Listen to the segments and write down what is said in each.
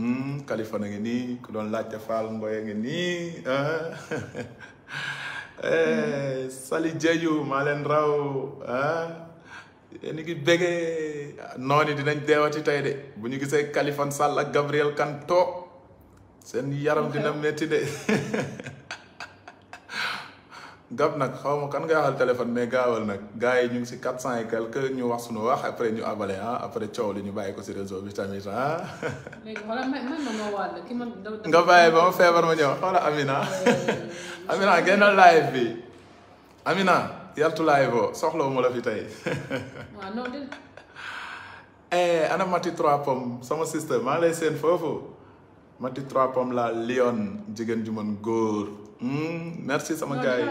Hmm, Kalifa na ngi nii ku doon laajte Fall Mboye ngi nii ah. eh, Sali Diedhiou maa leen raw ah. yéen ngi bëggee noonu dinañ deewati tey de bu ñu gisee Kalifan Sall ak Gabriel Kanto seen yaram dina metti de gab nag xaw ma kan nga waxal téléphone mais gaawal nag gars yi ñu ngi si quatre cent et quelque ñu wax suñu wax après ñu abalé ah après coow li ñu bàyyi ko si réseau bi tamit ah. léegi xoolal man man ma wàll ki nga bàyyi ba ma feebar ma ñëw xoolal Amina Amina génnal live bi Amina yartu live boo soxlawu ma la fi tey. waaw non eh, trois pommes sama sister maa lay seen foofu Mati trois pommes la Lyon jigéen ju mën góor. Hmm, merci sama gars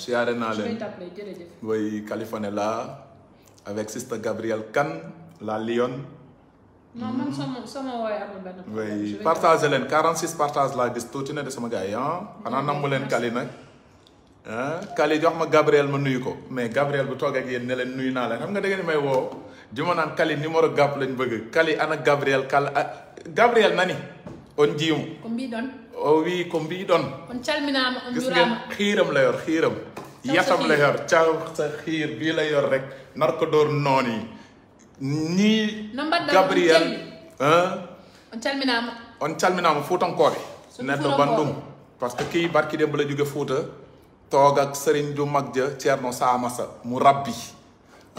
siyaare naa leen oui Califanella avec Sister Gabrielle kan la Lionne. non man hmm. sama sama wooyee amul leen 46 partage laa gis tuuti na de sama gars yi nam ah. xanaa leen cali nag. ah Kali jox ma Gabriel ma nuyu ko mais Gabriel bu toog ak yéen leen nuyu naa leen xam nga da ngeen may woo juma naan Kali numéro gàpp lañ bëgg Kali ana Gabriel Kal ah, Gabriel nani on jiimu. o wi ko doon on calminama on jurama xiiram la yor xiiram yatam la yor caw sa xiir bii la yor rek nar ko door noon yi nii gabriel on calminama on calminama bandum parce que kii barki démb la jóge fuuta toog ak sëriñ ju mag ja ceerno saamasa mu rabbi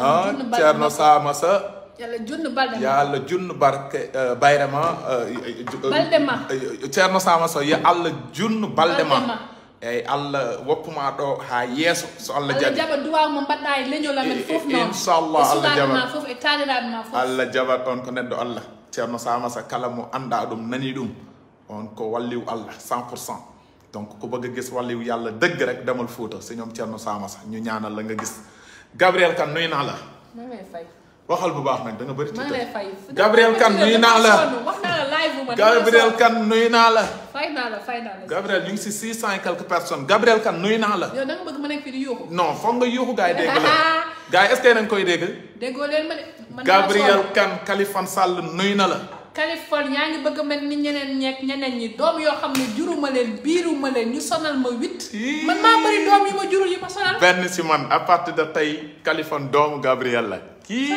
ah ceerno saamasa yàlla junn Baldema yàlla junn barke euh, Bayrema. Euh, euh, Baldema. ceerno Sama so ye allah junn Baldema. eyyi allah woppuma ɗo ha yeeso so allah jaɓi jaɓa duwaw mo mbaɗɗa e leñol amen e, e, allah e jaɓat foof e donc ko bëgg gis walliw yàlla dëgg rek demal Fuuta si ñoom ceerno samasa ñu ñaanal la nga gis Gabriel Kane nuyu naa la waxal bu baax nag da nga bëri. maa ngi lay Gabriel Kane nuyu naa la wax naa la live Gabriel Kane nuyu naa la. fay naa la fay naa la. Gabriel ñu ngi si six cent et personne personnes Gabriel Kane nuyu naa la. yow da nga bëgg ma nekk fii di yuuxu. non foog nga yuuxu gars yi dégg la gars nañ koy dégg. déggoo leen ma de man Gabriel Kane Kaliphone Sall nuyu na la. Kaliphone yaa ngi bëgg ma mel ni ñeneen ñeeg ñeneen ñi doom yoo xam ne juruma leen biiruma leen ñu sonal ma huit. man maa bëri doom yi ma jurul yi ma sonal. benn si man à partir de tey Kaliphone doomu Gabriel la kii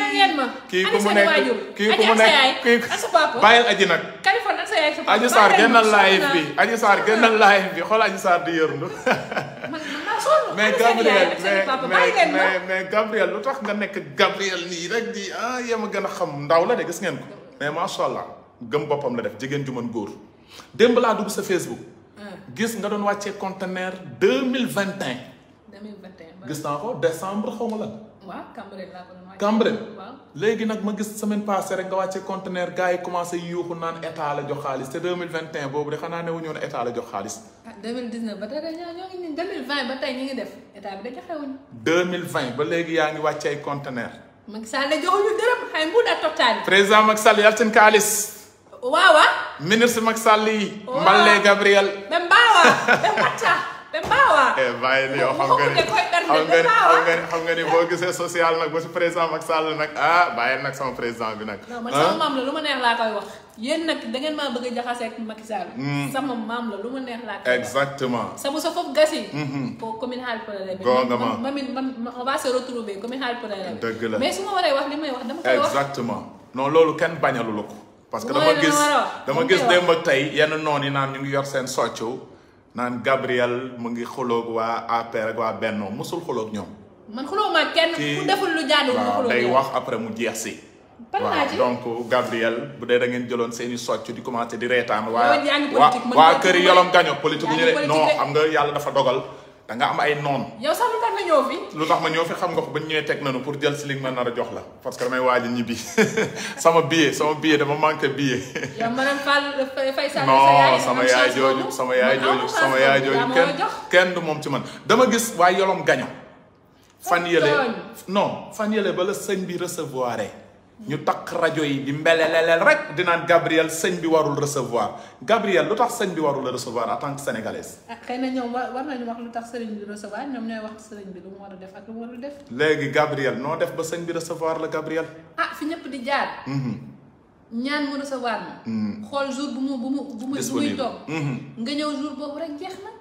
kii ko mu nekk kii ku bàyyil aji nag. aji Sarr génnal live bi aji Sarr génnal live bi xool aji Sarr di yërndu. mais Gabriel mais mais Gabriel lu tax nga nekk Gabriel nii rek di ah yéen a gën a xam ndaw la de gis ngeen ko. mais macha allah gëm boppam la def jigéen ju mën góor. démb laa dugg sa Facebook. Ah. gis nga doon wàcce conteneur deux mille vingt et un. gis naa ko décembre xaw Cambérène léegi nag ma gis semaine passée rek nga wàcce conteneur gars yi commencé yuuxu naan état la jox xaalis te 2021 boobu de xanaa ne wu ñu woon état la jox xaalis. ah 2019 ba tey ñoo ngi nii 2020 ba def état bi da joxewuñu. 2020 ba léegi yaa ngi wàcce ay conteneur. Macky Sall la joxuñu dërëm xëy mu da total. président Macky Sall yal seen xaalis. waaw waaw. ministre Macky Sall yi. waaw Mballé Gabriel. mais Mbawa te Mbawa. Eh, bàyyi li yow xam nga ni xam nga ni boo gisee social nag ba si président Macky Sall nag ah bàyyi nag sama président bi nag. non man sama ah? maam la lu ma neex laa koy wax. yéen nag da ngeen bëgg jaxasee ak Macky hmm. sama maam la lu ma neex laa koy exactement. sabu sa foofu gas yi. pour commune xaal problème. gongama man man man on va se retrouver commune xaal problème. dëgg la mais su ma waree wax li may wax dama koy wax. exactement non loolu kenn bañalu ko. parce que dama gis dama gis démb tey yenn noon yi naan yor seen soccu naan Gabriel mu ngi xoloog waa APR rek waa benn mosul xoloog ñoom. man xuloo ma kenn ku deful day wax après mu jeex si. waaw donc Gabriel bu dee da ngeen jëloon seen i di commencé di reetaan. waa waa kër yi yolom gaño politique ñu ne non xam nga yàlla dafa dogal. danga am ay noon. lu tax nga ñëw fi. lu tax ma ñëw fi xam nga ko ba ñu ñëwee teg nañu pour jël si li ma nar a jox la parce que damay waaj a ñibbi sama billet sama billet dama manqué billet. yow madame sama yaay jooju sama yaay jooju sama yaay jooju kenn du moom ci man dama gis waaye yolom gaño fan yële non fan yële ba la sëñ bi recevoir ñu takk rajo yi di mbeleleleel rek di naan Gabriel sëñ bi warul recevoir Gabriel lu tax sëñ bi warul recevoir en tant que sénégalaise. ah xëy na ñoom war nañu wax lu tax sëriñ bi recevoir ñoom ñooy wax sëriñ bi lu mu war a def ak lu mu warul def. léegi Gabriel noo def ba sëñ bi recevoir la Gabriel. ah fi ñëpp di jaar. Mhm. ñaan mu recevoir ma. Mhm. xool jour bu mu bu mu bu muy toog. Mhm. nga ñëw jour boobu rek jeex na.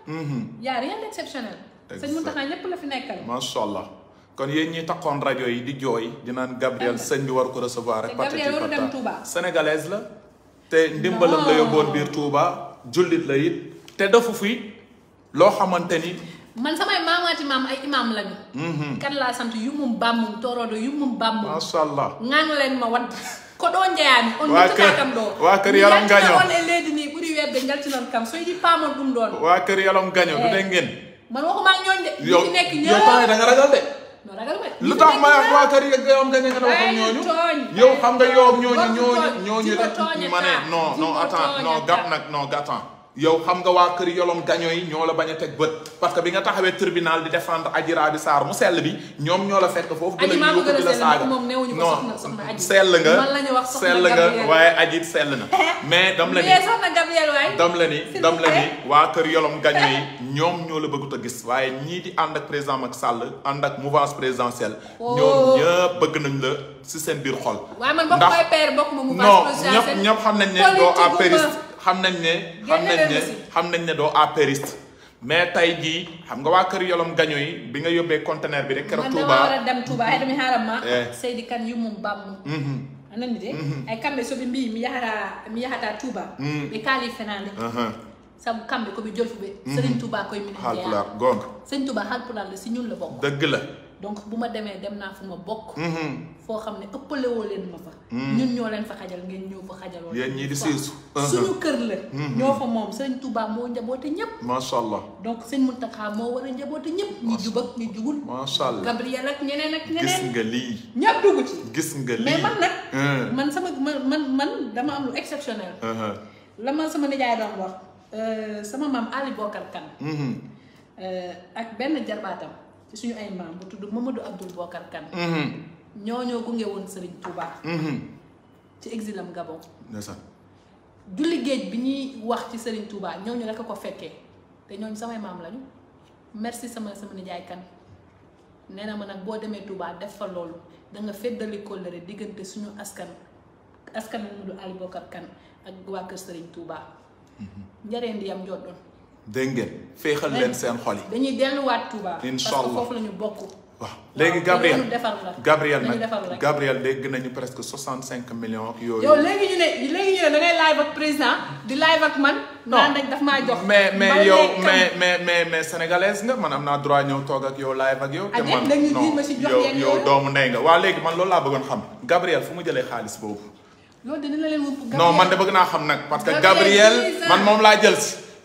y a rien d'exceptionnel. sëñ Mountakha ñëpp la fi nekkal. macha allah. kon yéen ñi takkoon rajo yi di jooy di naan Gabriel sëñ bi war ko recevoir rek. patati patata sénégalaise la. te ndimbalam la yóbboon biir Touba. jullit la it te dafa fi loo xamante ni. man samay maamaati maam ay imaam lañu. Mhm. kan laa sant yumum bàmmum toorodo yumum bàmmum. macha allah ngaan leen ma wat ko doo njeyaani on kam ɗo waa kër yalom gaño on e eh. ngeen man waxuma ñooñ de ñi nekk ñëpp yow da de lu tax ma ak waa kër yi nga xam ne nga wax ak ñooñu yow xam nga yow ñooñu ñooñu ñooñu ma ne non non attends non gàtt nag non gàttan yow xam nga waa kër yolom gaño yi ñoo la bañ a teg bët parce que bi nga taxawee tribunal di défendre Adji Raby saar mu sell bi ñoom ñoo la fekk foofu gën a yóbbu di la saaga non sell nga sell nga waaye Adji sell na mais dam la ni dam la dam la ni waa kër yolom gaño yi ñoom ñoo la bëggut a gis waaye ñii di ànd ak président Macky Sall ànd ak mouvance présidentielle oh. ñoom ñëpp bëgg nañ la si seen biir xol ndax non ñëpp xam nañ ne doo apériste xam nañ ne. xam nañ ne xam nañ ne doo apériste mais tay jii xam nga waa kër yolom gaño yi bi nga yóbbee conteneur bi rek. keroog Touba man war a dem Touba ay dami xaaral ma. Eh. Seydi Kane yu mum bam. Mm-hmm. anani de. Mm-hmm. ay kamɓe soɓe mbi mi yahata mi yahata touba ɓe mm. kaali fenande uh-huh. saabu kamɓe koɓe jolfuɓe mm-hmm. sëriñ touba koye minen halpular gonga si ñun la bokk dëgg la donc bu ma demee dem naa fu ma bokk. Mm-hmm. foo xam ne ëppalewoo leen ma fa. Mm-hmm. ñun ñoo leen fa xajal ngeen ñoo fa xajaloo. yéen ñii di séesu. Uh-huh. suñu kër la. Mm-hmm. ñoo fa moom seen Touba moo njaboote ñëpp. macha allah donc sëñ Mountakha moo war a njaboote ñëpp. ñu jub ak ñu jugul. macha allah Gabriel ak ñeneen ak ñeneen. gis nga lii ñëpp dugg ci. gis nga lii man nag. Uh-huh. man sama man man dama am lu exceptionnel. Uh-huh. la ma sama nijaay doon wax. Euh, sama maam Ali Bokar euh, ak benn jarbaatam. ci suñu ay maam bu tudd Mamadou Abdoul Bokar kan mm-hmm. ñoo ñoo gunge woon sëriñ Touba. Mm-hmm. ci exilam Gabon. ndeysaan. julli géej bi ñuy wax ci Serigne Touba ñooñu rek a ko fekkee te ñooñ samay maam lañu merci sama sama nijaay kan nee na ma nag boo demee Touba def fa loolu da nga feddali kóllëre diggante suñu askan askan mu du Ali Bokar Kane ak waa kër Serigne Touba. Mm-hmm. njareen di yam njoddoon. dégg ngeen féexal leen seen xol yi. dañuy delluwaat Touba. incha allah la ñu bokk. waaw léegi Gabriel Gabriel nag Gabriel dégg nañu presque 65 millions ak yooyu. yow léegi ñu ne léegi ñu ne da live ak président di live ak man. non naan dañ daf jox. mais mais yow mais mais mais mais sénégalaise nga man am naa droit ñëw toog ak yow live ak yow. te ah, man non yow yow doomu ndey nga waaw léegi man loolu laa bëggoon xam. Gabriel fu mu jëlee xaalis boobu. loolu man de bëgg naa xam nag. parce que Gabriel man laa jël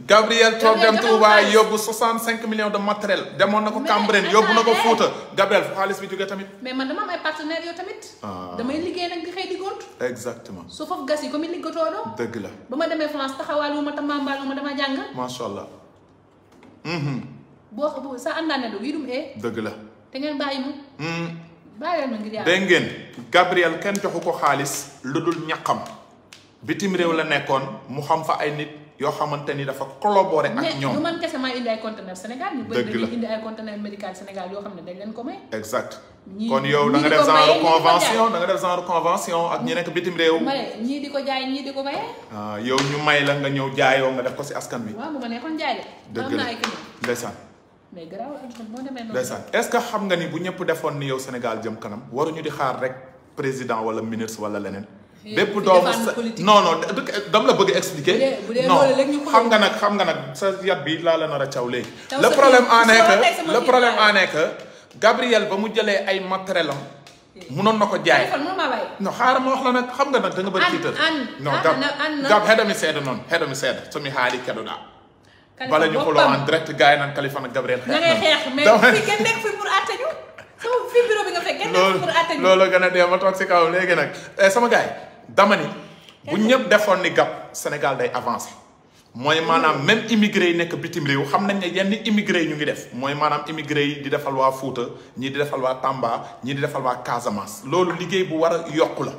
Gabriel toog dem Touba yóbbu cinq millions de matériel demoon na ko Cambérène yóbbu na ko Fouta Gabriel fu xaalis bi jógee tamit. mais man dama am ay partenaires tamit. Ah. damay liggéey nag di xëy di exactement su foofu gas yi comme ni liggéeyatoo dëgg la ba ma demee France taxawaalu ma tambaambaalu ma dama jàng. macha allah. Mhm. boo eh. dëgg la te ngeen bàyyi mu. Mhm. bàyyi ma ngir yàlla dégg ngeen Gabriel kenn joxu ko xaalis lu dul ñaqam bitim réew la nekkoon mu xam fa ay nit. yoo xamante ni dafa collaboré ak ñoom mais du man kese maa indi ay conteneur Sénégal kon yow da nga def genre convention convention ak ñi nekk bitim réew. Ah, yow ñu may la nga ñëw jaayoo nga def ko si askan bi. waaw dëgg la ndeysaan. est-ce que xam nga ni bu ñëpp defoon ni yow Sénégal jëm kanam waruñu di xaar rek président wala ministre wala leneen bépp doomu sa non non dama la bëgg expliqué non xam nga nag xam nga nag sa yat bi laa la nar a caw léegi. le en est que le problème en ba mu jëlee ay matériel am mënoon hmm. na ko jaay non xaaral ma wax la nag xam nga nag da bëri tiital non gab gab xedami seeda noonu xedami seeda sumi haali kedoɗa ñu xuloo en direct gars yi naan Kaliphone ak Gabriel xeex na sama fi gën a dee si kaw léegi nag eh, sama gars dama ni bu ñëpp defoon ni gàpp Sénégal day avancé mooy maanaam même immigré yi nekk bitim réew xam nañ ne yenn immigré yi ñu ngi def mooy maanaam immigré yi di defal waa Fuuta ñii di defal waa Tamba ñii di defal waa Casamance loolu liggéey bu war a yokku la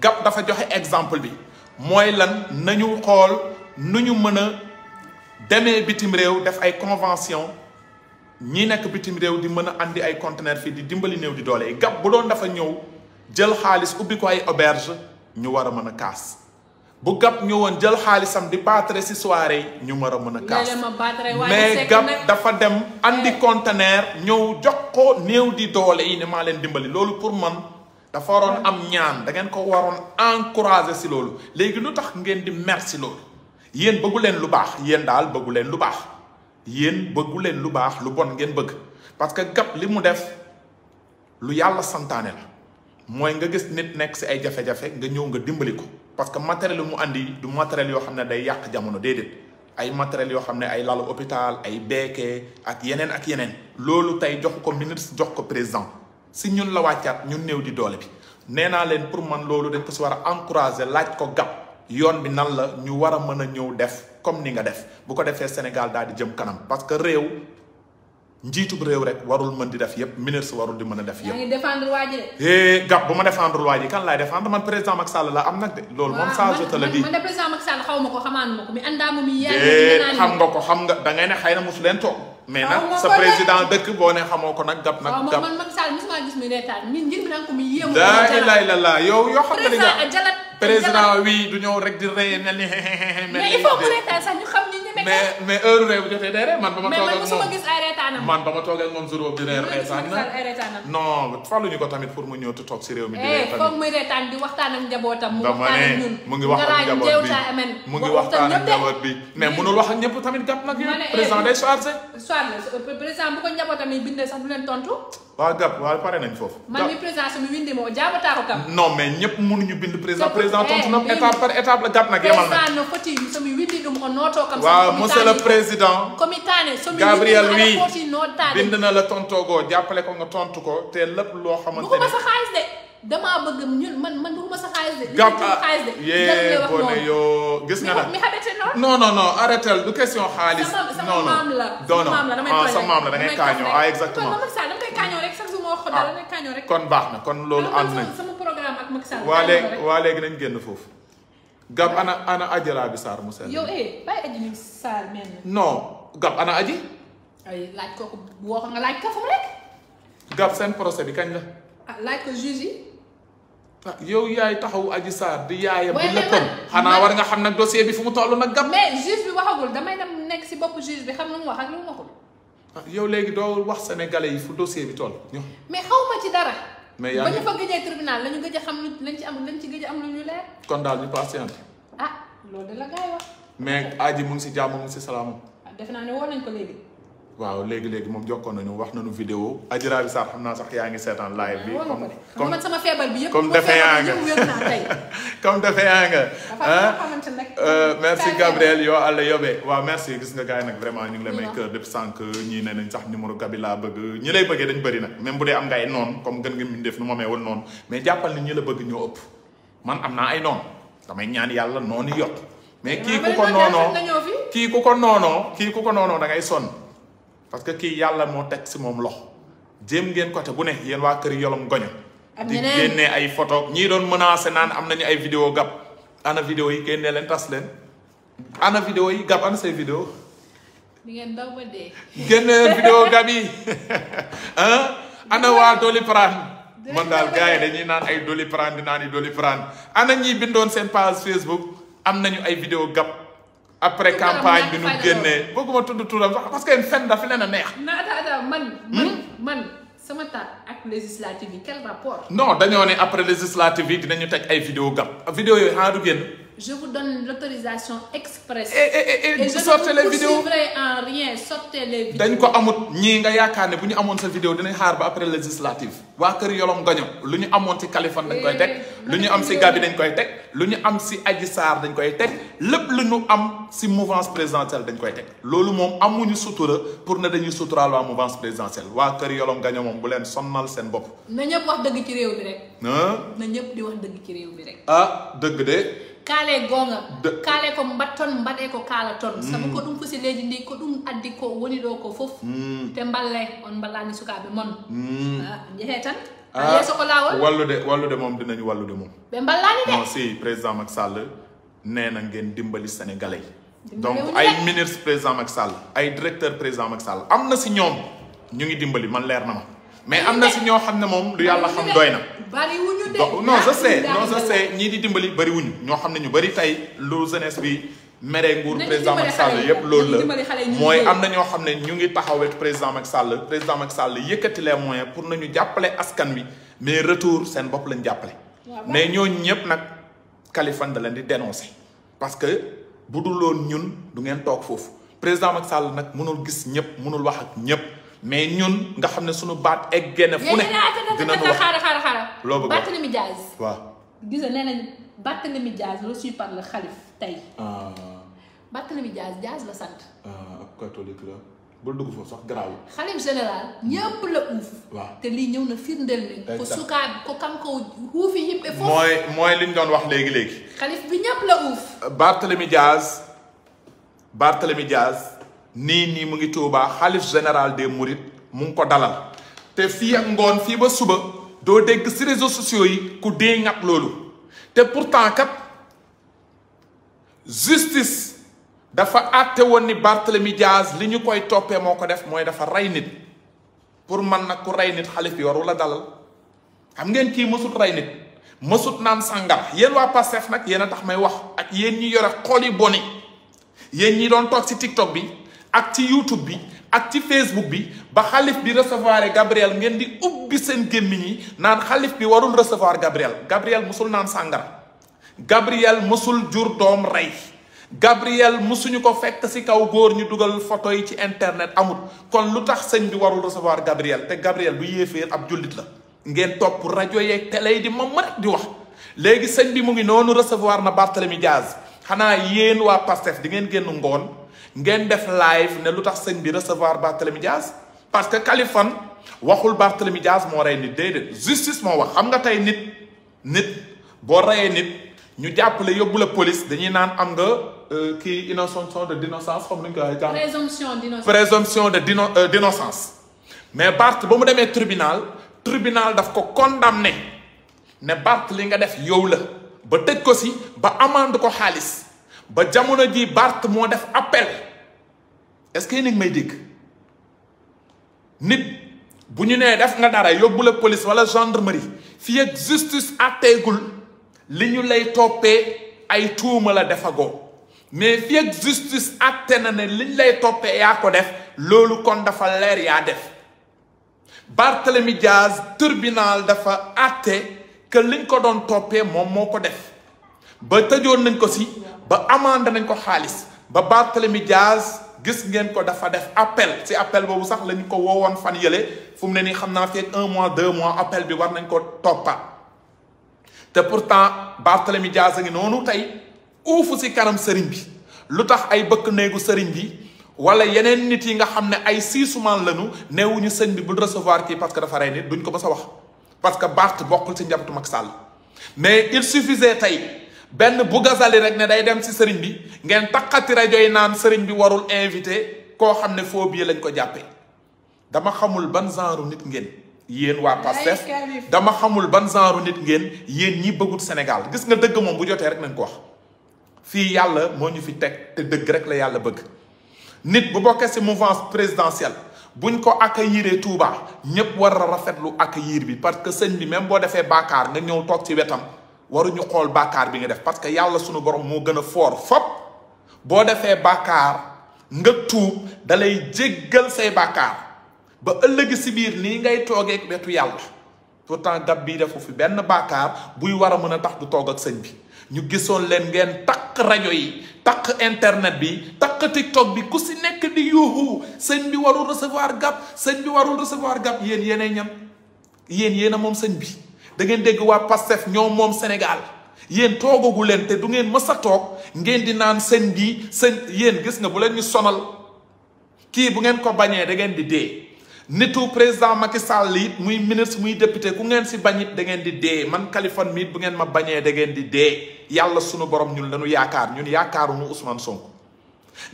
gàpp dafa joxe exemple bi mooy lan nañu xool nu ñu mën a demee bitim réew def ay convention ñi nekk bitim réew di mën a andi ay conteneur fii di dimbali néew di doolee gàpp bu doon dafa ñëw jël xaalis ubbi ay auberge ñu war a mën a kaas bu gab woon jël xaalisam di baatare si soirée ñu war a mën a kaas mais gab dafa dem andi eh. conteneur ñëw jox ko néew di doole yi ne maa leen dimbali loolu pour man dafa waroon am ñaan dangeen ko waroon encourager si loolu léegi lu tax ngeen di mer si loolu yéen bëggu leen lu baax yéen daal bëggu leen lu baax yéen bëggu leen lu baax lu bon ngeen bëgg parce que gab li mu def lu yàlla santaane la mooy nga gis nit nekk si ay jafe-jafe nga ñëw nga dimbali ko parce que matériel mu indi du matériel yoo xam ne day yàq jamono déedéet ay matériel yoo xam ne ay lalu hôpital ay beekee ak yeneen ak yeneen loolu tey jox ko ministre jox ko président si ñun la wàccaat ñun néew di doole bi nee naa leen pour man loolu dañ ko si war a encourager laaj ko gàpp yoon bi nan la ñu war a mën a ñëw def comme ni nga def bu ko defee Sénégal daal di jëm kanam parce que réew njiitu njiitub réew rek warul mën di def yépp ministre warul di mën a def yépp. yaa ngi défendre eh, bu ma défendre waa ji kan laay défendre man président Macky Sall la am nag de. moom saa la di man man président Macky mi. yaa eh, xam nga ko xam nga da ngay ne xëy na mosu leen toog. mais nag sa président dëkk boo ne xamoo ko nag. gab nag gab man Macky yow yoo xam nga li nga président jalat du ñëw rek di rey ne li mais il faut que reetaan sax ñu xam ni mais mais heure réew man ba ma toog ak moom man ba ma toog ak moom jour boobu di reer reetaan na non faluñu ko tamit pour mu ñëw te toog si réew mi di eh, reer tamit foog muy reetaan di waxtaan ak njabootam mu dama ne mu ngi wax ak bi mu ngi waxtaan ak njaboot bi mais mënul wax ak ñëpp tamit gàpp nag yow eh, président day chargé chargé euh, président bu ko njabootam yi bindee sax du leen tontu waa gàpp waa pare nañ foofu. man mi président mi windi moo jaabataa ko kam. non mais ñëpp mënuñu bind président président tontu na eh, étape par étape la gàpp nag yemal président no foti somi windi ɗum o nootoo kam. waaw monsieur le président. komi taane somi Gabriel wii bind na la tontoo goo jàppale ko nga tontu ko te lépp loo xamante ne. bu ko de. damaa bëgg ñun man man waxuma sa xaalis de. gàpp xaalis de yee boo ne yoo gis nga nag mi xamante noonu. non non non arrêtel du question xaalis. non non non non ah, sa maam la da ngay kaañoo ah exactement. kon Macky Sall da ngay kaañoo rek sax su ma wax dara da ngay kaañoo rek. kon baax na kon loolu ànd nañ sama programme ak Macky Sall. waa léegi waa léegi nañ génn foofu. gab ana ana aji laa bi Sarr mu sell. yow eh bàyyi aji ni Sarr mel na. non gab ana aji. ay laaj kooku woo ko nga laaj ko fu mu nekk. gab seen procès bi kañ la. ah laaj ko juge yi. Ah, yow yaay taxawu Adji Sarr di yaayam. bu lëppam xanaa war nga xam nag dossier bi fu mu toll nag. gàpp mais juge bi waxagul damay dem nekk si bopp juge bi xam lu mu wax ak lu mu waxul. Ah, yow léegi doo wax sénégalais yi fu dossier bi toll. mais xawma ci dara. mais yaa ba ñu fa gëjee tribunal la ñu gëj xam lu lañ ci am lañ ci a am lu ñu leer. kon daal ñu patiente. ah loolu de la gaay wax. mais aji mu ngi si jàmm mu ngi si salaam. ah naa ne woo nañ ko léegi. waaw léegi-léegi moom jokkoon nañu wax na nañu vidéo Adjira bi sax xam naa sax yaa ngi seetaan live bi comme bi comme defe yaa nga comme defe yaa nga merci Gabriel yoo àll yobee waaw merci gis nga gars yi nag vraiment ñu ngi la may cœur depuis sànq ñii ne nañ sax numéro gabi laa bëgg ñi lay bëggee dañ bëri nag même bu dee am ngay noon comme gën nga min def nu moomee woon noonu mais jàppal ni ñi la bëgg ñoo ëpp man am naa ay noonu damay ñaan yàlla noonu yokk mais kii ku ko noonoo kii ku ko noonoo kii ku ko noonoo da ngay sonn parce que kii yàlla moo teg si moom lox jéem ngeen côté bu ne yéen waa kër yolom goño di génne ay photo ñii doon menacé naan am nañu ay vidéo gab ana vidéo yi génne leen tas leen ana vidéo yi gab ana say vidéo di ngeen génne leen vidéo gab yi ana waa Doliprane man daal gars ay Doliprane di i Doliprane ana ñi bindoon seen page Facebook am nañu ay vidéo gab après campagne bi nu génnee bëgguma tudd turam sax parce que yéen fen dafa leen a neex. non attends man. Hmm? man man sama taat ak législative yi quel rapport. non dañoo ne après législative yi dinañu teg ay vidéo gab vidéo yooyu xaaru génn. je vous donne l'autorisation express. Eh, eh, eh, et, et, et, et sortez les dañ ko amut ñii nga yaakaar ne bu ñu amoon sa vidéo dinañ xaar ba après législative waa kër yolom gaño lu ñu amoon ci Kaliphone dañ koy teg lu ñu am ci Gabi dañ koy teg lu ñu am ci Adji Sarr dañ koy teg lépp lu ñu am si mouvance présidentielle dañ koy teg loolu moom amuñu sutura pour ne dañuy suturaal waa mouvance présidentielle waa kër yolom gaño moom bu leen sonnal seen bopp. na ñëpp wax dëgg ci réew bi rek. ñëpp di wax dëgg ci ah dëgg de. kaale gonga kaale ko mbatton mbaɗe ko kaala toon mm. sabu ko ɗum fusi leydi ndi ko ɗum addi ko woni ɗo ko fof mm. te mballe on mballani sukaɓe moon mm. ah, jehe tan ah, yeeso ko laawol wallude moom dinañu wallude moom ɓe mballani de si président Macky Sall nee na ngeen dimbali sénégalais donc ay ministre président Macky Sall ay directeur président Macky Sall am na si ñoom ñu ngi dimbali man leer na ma mais am na si ñoo xam ne moom lu yàlla xam doy na. bariwuñu de. non je sais non je sais ñii di dimbali bariwuñu ñoo xam ne ñu bari tey lu jeunesse bi mere nguur président Macky Sall yépp loolu la mooy am na ñoo xam ne ñu ngi taxawet président Macky Sall président Macky Sall yëkkati les moyens pour nañu jàppale askan wi mais retour seen bopp lañ jàppale. mais ñooñu ñëpp nag Kaliphone da leen di dénoncer parce que bu dul loon ñun du ngeen toog foofu président Macky Sall nag mënul gis ñëpp mënul wax ak ñëpp. mais ñun nga xam ne suñu baat egg génne fu ne. dina nu wax xaaral xaaral xaaral. loo bëgg Barthélemy Diaz. waaw gis nga nee nañ par le xalif tey. Ah. Barthélemy Diaz Diaz la sant. ah ab la bul dugg foofu sax garaaw. xalif général ñëpp la uuf. te lii ñëw na firndeel ni. ko sukaat ko kam ko yi yëpp. E foofu mooy mooy li doon wax léegi léegi. xalif bi ñëpp la uuf. Barthélemy Diaz Barthélemy Diaz. nii nii mu ngi Touba xalif général des Mourides mu ngi ko dalal te fii ak ngoon fii ba suba doo dégg si réseau sociaux yi ku dee ngat loolu te pourtant kat justice dafa àtte woon ni Barthélemy Diaz li ñu koy toppee moo ko def mooy dafa rey nit pour man nag ku rey nit xalif bi la dalal xam ngeen kii mësut rey nit mësut naan sàngara yéen waa Pastef nag yéen a tax may wax ak yéen ñi yore xol yi boni yéen ñi doon toog si TikTok bi ak ci YouTube bi ak ci Facebook bi ba xalif bi recevoir Gabriel ngeen di ubbi seen gémmiñ yi naan xalif bi warul recevoir Gabriel Gabriel mosul naan sàngara Gabriel mosul jur doom rey Gabriel musuñu ko fekk ci kaw góor ñu dugal photo yi ci internet amut kon lu tax sëñ bi warul recevoir Gabriel te Gabriel du yéeféer ab jullit la ngeen topp rajo yeeg télé di ma rek di wax léegi sëñ bi mu ngi noonu recevoir na Barthélemy Diaz xanaa yéen waa Pastef di ngeen génn ngoon ngeen def live ne lu tax sëñ bi recevoir Barthélemy Dias parce que Kaliphone waxul Barthélemy Dias moo rey nit déedéet justice moo wax xam nga tey nit nit boo reyee nit ñu jàppale yóbbu la police dañuy naan am nga euh, kii innocence de d'innocence xam nañu ko waxee. présomption d'innocence présomption de euh, d'innocence mais Barth ba mu demee tribunal tribunal daf ko condamné ne Barth li nga def yow la ba tëj ko si ba amande ko xaalis. ba jamono ji Barth moo def appel est-ce que yéen a may dikk nit bu ñu nee def nga dara yóbbu la police wala gendarmerie fii ak justice àtteegul li ñu lay toppee ay tuuma la defagoo mais fii ak justice àtte na ne li ñu lay toppee yaa ko def loolu kon dafa leer yaa def Barthélemy Diaz tribunal dafa àtte que liñ ko doon toppee moom moo ko def ba tëjoon nañ ko si ba amande nañ ko xaalis ba Barthélemy Diaz gis ngeen ko dafa def appel si appel boobu sax la ñu ko woowoon fan yële fu mu ne nii xam naa feeg un mois deux mois appel bi war nañ ko toppat te pourtant Barthélemy Diaz a ngi noonu tey uufu si kanam sëriñ bi lu tax ay bëkk néegu sëriñ bi wala yeneen nit yi nga xam ne ay siisumaan lañu neewuñu sëñ bi bul recevoir kii parce que dafa rey nit duñ ko mës a wax parce que Barth bokkul ci njabootu Macky Sall tey. benn bu gasali rek ne day dem si sëriñ bi ngeen taqati rajo yi naan sëriñ bi warul invité koo xam ne foo bii lañ ko jàppee dama xamul ban genre nit ngeen yéen waa Pastef dama xamul ban genre nit ngeen yéen ñi bëggut Sénégal gis nga dëgg moom bu jotee rek nañ ko wax fii yàlla moo ñu fi teg te dëgg rek la yàlla bëgg nit bu bokkee si mouvance présidentielle buñ ko accueillir Touba ñëpp war a rafetlu yiir bi parce que sëñ bi même boo defee baakaar nga ñëw toog ci wetam waruñu xool bàkkaar bi nga def parce que yàlla sunu borom moo gën a foor fop boo defee bàkkaar nga tuub dalay jéggal say bàkkaar ba ëllëg si biir nii ngay toogeeg wetu yàlla pourtant gab bii defu fi benn bàkkaar buy war a mën a tax du toog ak sëñ bi ñu gisoon leen ngeen takk rajo yi takk internet bi takk tiktok bi ku si nekk di yuuxu sëñ bi warul recevoir gàpp sëñ bi warul recevoir gab yéen yéenay ñam yéen yéen a moom sëñ bi da ngeen dégg waa Pastef ñoom moom Sénégal yéen toogagu leen te du ngeen mës a toog ngeen di naan seen bi seen yéen gis nga bu leen ñu sonal kii bu ngeen ko bañee da ngeen di dee. nitu président Macky Sall it muy ministre muy député ku ngeen si bañit da ngeen di dee man Kaliphone mi it bu ngeen ma bañee da ngeen di dee yàlla sunu borom ñu lañu yaakaar ñun yaakaaruñu Ousmane Sonko.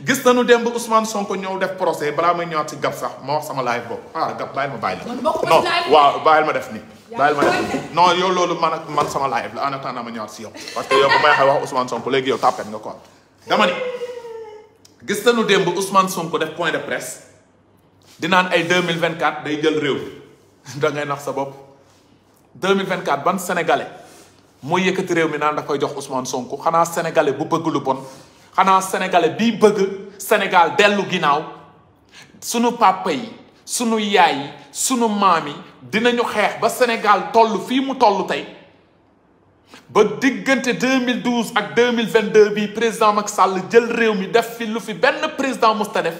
gis nañu dem ba Ousmane Sonko ñëw def procès balaa may ñëwaat si gab sax ma wax sama live bopp ah gab bàyyil ma bàyyi la. non ma def nii. bàyyil ma def yow loolu man ak sama live la en attendant ma ñëwaat si yow. parce que yow bu may wax Ousmane Sonko léegi yow tàppet nga ko dama ni gis nañu dem ba Ousmane Sonko def point de presse dinaan ay 2024 day jël réew da ngay nax sa bopp 2024 ban sénégalais mooy yëkkati réew mi naan da koy jox Ousmane Sonko xanaa sénégalais bu bëgg lu bon. xanaa sénégalais bi bëgg Sénégal dellu ginnaaw sunu papa yi sunu yaay yi sunu maam yi dina ñu xeex ba Sénégal toll fii mu toll tey ba diggante 2012 ak 2022 bii président Macky sàll jël réew mi def fi lu fi benn président musta def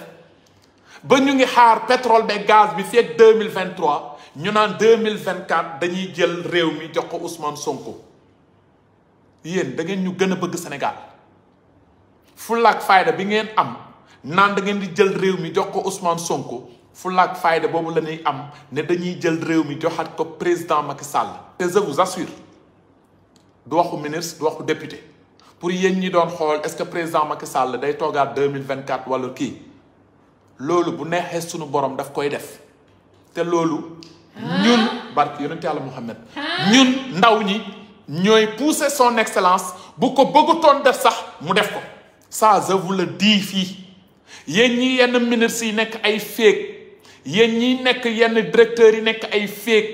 ba ñu ngi xaar pétrole be gaz bi fii ak 2023 ñu naan 2024 dañuy jël réew mi jox ko Ousmane Sonko yéen da ngeen ñu gën a bëgg Sénégal. fulaak faayda bi ngeen am naan da ngeen di jël réew mi jox ko Ousmane Sonko fulaak fayda boobu la am ne dañuy jël réew mi joxaat ko président Macky Sall. te je vous assure du waxu ministre du waxu député pour yéen ñi doon xool est-ce que président Macky Sall day toogaat deux mille vingt quatre wala kii loolu bu neexee sunu boroom daf koy def te loolu. ñun barke yonent Yàlla Muhammad ñun ndaw ñi ñooy pousser son excellence bu ko bëggutoon def sax mu def ko. ça je vous le dis fii yéen ñi yenn ministres yi nekk ay féeg yéen ñi nekk yenn directeurs yi nekk ay féeg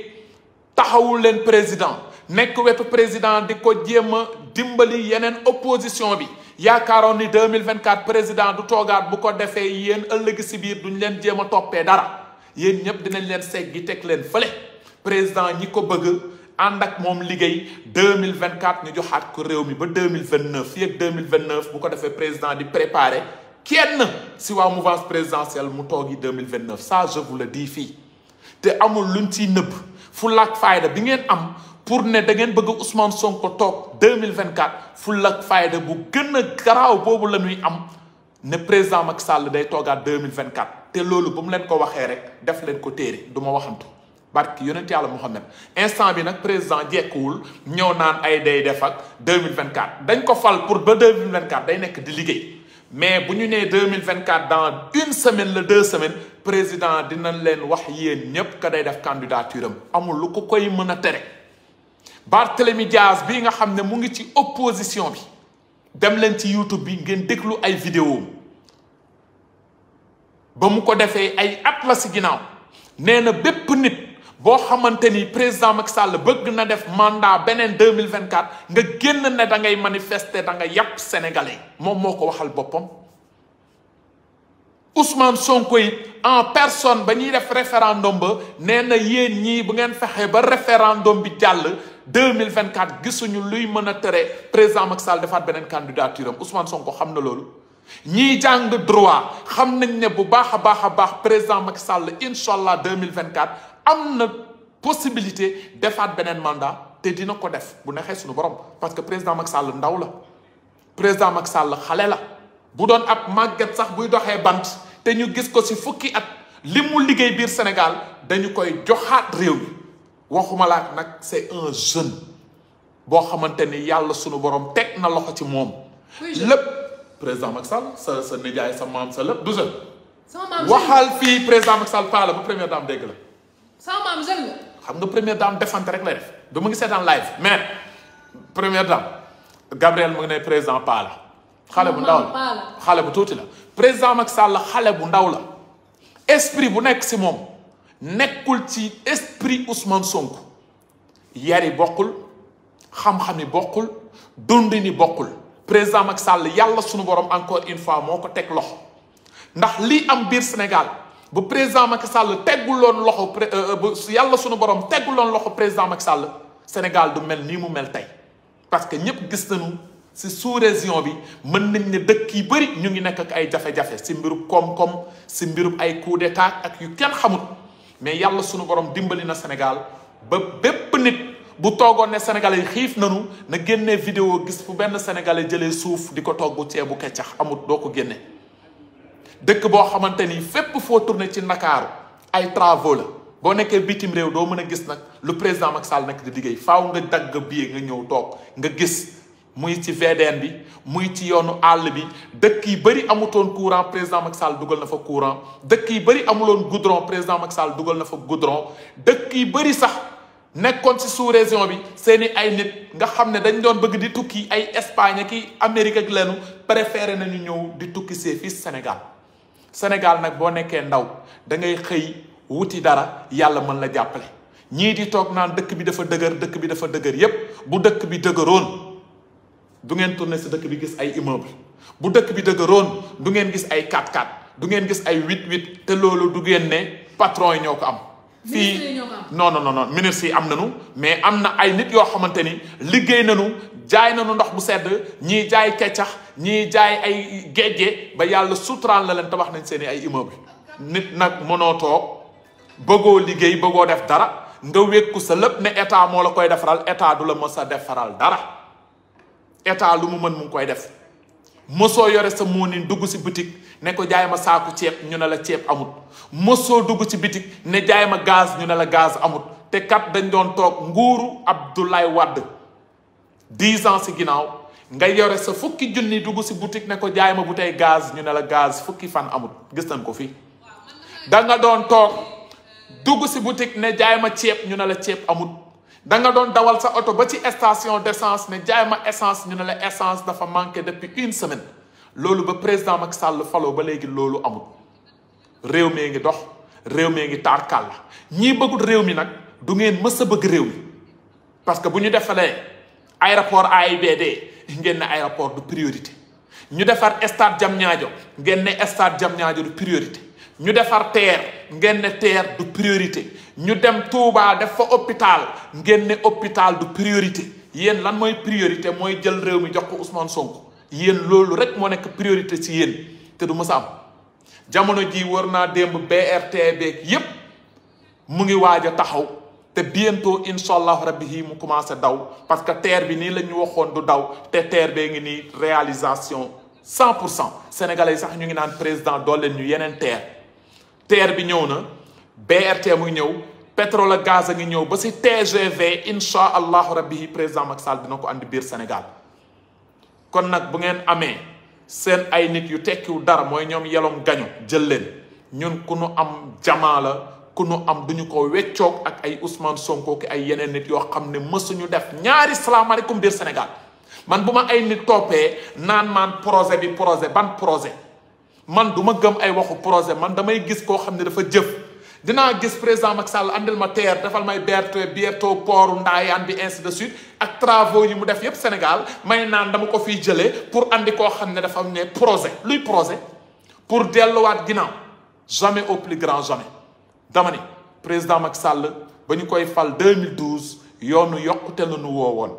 taxawul leen président nekk wetu président di ko jéem a dimbali yeneen opposition bi yaakaaroon ni 2024 président du toogaat bu ko defee yéen ëllëg si biir duñ leen jéem a toppee dara yéen ñëpp dinañ leen seggi teg leen fële président ñi ko bëgg ànd ak moom liggéey 2024 ñu joxaat ko réew mi ba 2029 fii ak 2029 bu ko defee président di préparer kenn si waa mouvance présidentielle mu toogi 2029 ça je vous di dis fii te amul lu luñ ciy nëbb fu ak fayda bi ngeen am pour ne da ngeen bëgg Ousmane Sonko toog 2024 fulla ak fayda bu gën a garaaw boobu la ñuy am ne président Macky Sall day toogaat 2024 te loolu ba mu leen ko waxee rek def leen ko téere duma ma waxantu barki yonent yàlla Muhammad instant bi nag président jekkuwul ñëw naan ay day def ak 2024 dañ ko fal pour ba 2024 day nekk di liggéey mais bu ñu nee 2024 dans une semaine la deux semaines président dinañ leen wax yéen ñépp ka day def candidature am amul lu ko koy mën a tere Barthélemy Diaz bii nga xam ne mu ngi ci opposition bi dem leen ci YouTube bi ngeen déglu ay vidéo ba mu ko defee ay at la si ginnaaw nee bépp nit boo xamante ni président Macky Sall bëgg na def mandat beneen 2024 nga génn ne da ngay manifester da nga yàpp sénégalais moom moo ko waxal boppam Ousmane Sonko yi en personne ba ñuy def référendum ba nee na yéen ñii bu ngeen fexee ba référendum bi jàll 2024 gisuñu luy mën a tere président Macky Sall defaat beneen candidature am Ousmane Sonko xam na loolu ñii jàng droit xam nañ ne bu baax a baax a baax président Macky Sall incha allah 2024 am na possibilité defaat beneen mandat te dina ko def bu neexee suñu borom parce que président Macky Sall ndaw la président Macky Sall xale la bu doon ab màgget sax buy doxee bant te ñu gis ko si fukki at li mu liggéey biir Sénégal dañu koy joxaat réew mi waxuma laa nag c'est un jeune boo xamante ni yàlla sunu borom teg na loxo ci moom. lépp président Macky Sall sa sa nijaay sa maam sa lépp du jeune. waxal fii président Macky Sall paa la ba première dame dégg sama maam jeune la. xam nga première dame defante rek lay def du ma ngi seetaan live mais première dame Gabriel mu ngi ne président Paa xale bu ndaw la xale bu tuuti la. président Macky Sall xale bu ndaw la esprit bu nekk si moom nekkul ci esprit Ousmane Sonko yari bokkul xam-xam bokkul dundin yi bokkul président Macky sàll yàlla sunu borom encore une fois moo ko teg loxo ndax lii am biir Sénégal. bu président Macky Sall tegguloon loxo euh, euh, bu yàlla sunu borom tegguloon loxo président Macky Sall Sénégal du mel nii mu mel tey parce que ñëpp gis nañu si sous-région bi mën nañ ne dëkk yi bëri ñu ngi nekk ak ay jafe-jafe si mbirub koom-koom si mbirub ay coup d'état ak yu kenn xamut mais yàlla sunu borom dimbali na Sénégal ba bépp nit. bu toogoon ne sénégalais yi xiif nanu na génne vidéo gis fu benn sénégalais jëlee suuf di ko togg ceebu keccax amut doo ko génne dëkk boo xamante ni fépp foo tourné ci Ndakaaru ay travaux la boo nekkee bitim réew doo mën a gis nag lu président Macky Sall nekk di liggéey faaw nga dagg billet nga ñëw toog nga gis muy ci VDN bi muy ci yoonu àll bi dëkk yi bëri amutoon courant président Macky Sall dugal na fa courant dëkk yi bëri amuloon goudron président Macky Sall dugal na fa goudron dëkk yi bëri sax nekkoon ci sous région bi seeni ay nit nga xam ne dañ doon bëgg di tukki ay Espagne ki Amérique ak lenu préféré nañu ñëw di tukki see Sénégal Sénégal nag boo nekkee ndaw da ngay xëy wuti dara yàlla mën la jàppale ñii di toog naan dëkk bi dafa dëgër dëkk bi dafa dëgër yépp bu dëkk bi dëgëroon du ngeen tourné si dëkk bi gis ay immeuble bu dëkk bi dëgëroon du ngeen gis ay 4 x du ngeen gis ay 8 x te loolu du ngeen ne patron yi ñoo ko am fii non non non ministre yi am nañu mais am na ay nit yoo xamante ni liggéey nañu jaay nañu ndox bu sedd ñii jaay keccax ñii jaay ay gejje ba yàlla suturaan la leen tabax nañ seen i ay immeuble nit nag mënootoo toog bëggoo liggéey bëggoo def dara nga wékku sa lépp ne état moo la koy defaral état du la mës a defaral dara état lu mu mën mu ngi koy def mësoo yore sa moo ni dugg si boutique ne ko jaay ma saaku ceeb ñu ne la ceeb amut mosoo dugg ci bitik ne jaay ma gaz ñu ne la gaz amut te kat dañ doon toog nguuru Abdoulaye Wade dix ans si ginnaaw nga yore sa fukki junni dugg si boutique ne ko jaay ma bouteille gaz ñu ne la gaz fukki fan amut gis nañ ko fii da nga doon toog dugg si boutique ne jaay ma ceeb ñu ne la ceeb amut da nga doon dawal sa oto ba ci station d' essence ne jaay ma essence ñu ne la essence dafa manqué depuis une semaine loolu ba président Macky sàll faloo ba léegi loolu amul réew mee ngi dox réew mee ngi taar kàll ñii bëggul réew mi nag du ngeen mës a bëgg réew mi parce que bu ñu defalee aéroport AIBD ngeen ne aéroport du priorité ñu defar stade Diamniadio ngeen ne stade Diamniadio du priorité ñu defar TER ngeen ne TER du priorité ñu dem Touba def fa hôpital ngeen ne hôpital du priorité yéen lan mooy priorité mooy jël réew mi jox ko usman Sonko. yéen loolu rek moo nekk priorité ci yéen te du mës a am jamono ji war naa démb BRT beeg yépp mu ngi waaja a taxaw te bientôt incha allah rabbi yi mu commencé daw parce que TER bi nii la ñu waxoon du daw te terre bee ngi nii réalisation cent pour cent sénégalais yi sax ñu ngi naan président dool leen ñu yeneen TER TER bi ñëw na BRT mu ngi ñëw pétrole ak gaz a ngi ñëw ba si TGV incha allah rabbi yi président Macky Sall dina ko andi biir Sénégal kon nag bu ngeen amee seen ay nit yu tekkiwu dara mooy ñoom yelom gañu jël leen ñun ku nu am jamaa la ku nu am duñu ko weccoog ak ay Ousmane Sonko ay yeneen nit yoo xam ne mësuñu def ñaari salaamaaleykum biir senegal man bu ma ay nit toppee naan maan projet bi projet ban projet man du ma gëm ay waxu projet man damay gis koo xam ne dafa jëf dinaa gis président Macky Sall andil ma terre defal may berte bientôt port Ndayane bi ainsi de suite ak travaux yi mu def yépp Sénégal may naan dama ko fiy jëlee pour andi koo xam ne dafa ne projet luy projet pour delluwaat ginnaaw jamais au plus grand jamais dama ni président Macky Sall ba ñu koy fal 2012 yoonu yokkute la nu woon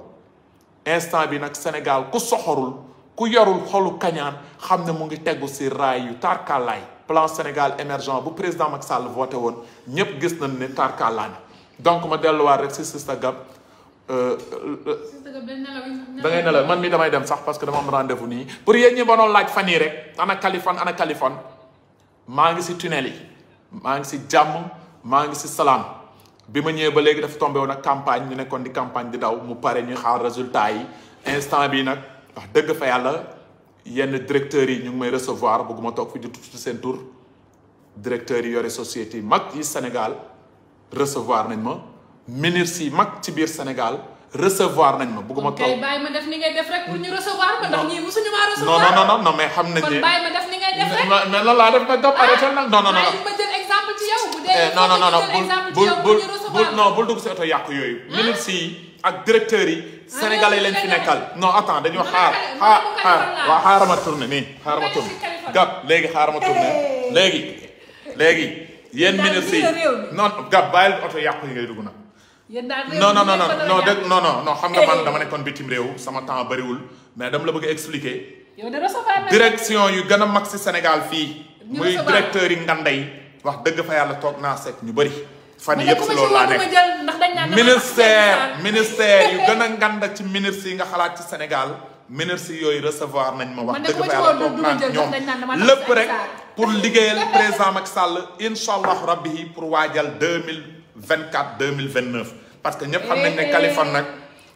instant bi nag Sénégal ku soxorul ku yorul xolu kañaan xam ne mu ngi tegu si raay yu tarkalaay plan Sénégal émergent bu président Macky Sall voté woon ñëpp gis nañ ne tarkalaa na donc ma delluwaat rek si Sista Gab. Euh, euh, da ngay nelaw man mi damay dem sax parce que dama am rendez-vous nii pour yéen ñi ma doon laaj fan yii rek ana Kaliphone ana kalifon maa ngi si tunnel yi maa ngi si jàmm maa ngi si salaam bi ma ñëwee ba léegi dafa tombé woon ak campagne ñu nekkoon di campagne di daw mu pare ñuy xaar résultat yi instant bi nag. wax dëgg fa yàlla yenn directeurs yi ñu ngi may recevoir bëgguma toog fi di tudd seen tur directeurs yi yore société yi mag yi Sénégal recevoir nañ ma ministres yi mag ci biir Sénégal recevoir nañ ma bugguma toog. kay bàyyi ma def ni ngay def rek pour ñu recevoir ma. ndax ñii musuñu maa recevoir mais xam nañ ma def ni ngay def rek. laa def nag topp ah, arrêté nag. non non non ma jël exemple ci yow. bu dee eh, non non non bul bul dugg si oto yàqu yooyu. Ah? ministres yi ak directeur yi. sénégalais leen fi nekkal non attends dañoo xaar xaar xaar waaw xaaral ma tourné nii xaaral ma tourné gab léegi xaaral ma tourné léegi léegi yéen ministre yi non gab bàyyil oto yàqu yi ngay dugg nag non non non non dégg non non non xam nga man dama nekkoon bitim réew sama temps bariwul mais dama la bëgg a expliquer direction yu gën a mag si Sénégal fii muy directeur yi nganday wax dëgg fa yàlla toog naa seet ñu bëri fan yëpp si loolu laa nekk ministère ministère yu gën a nganda ci ministre yi nga xalaat ci Sénégal ministre yooyu recevoir nañ ma wax dëgg fa yàlla toog naa ñoom lépp rek pour liggéeyal président Macky Sall incha allah rabbi pour waajal deux mille vingt quatre deux mille vingt neuf. parce que ñëpp xam nañ ne eh. Kaliphone nag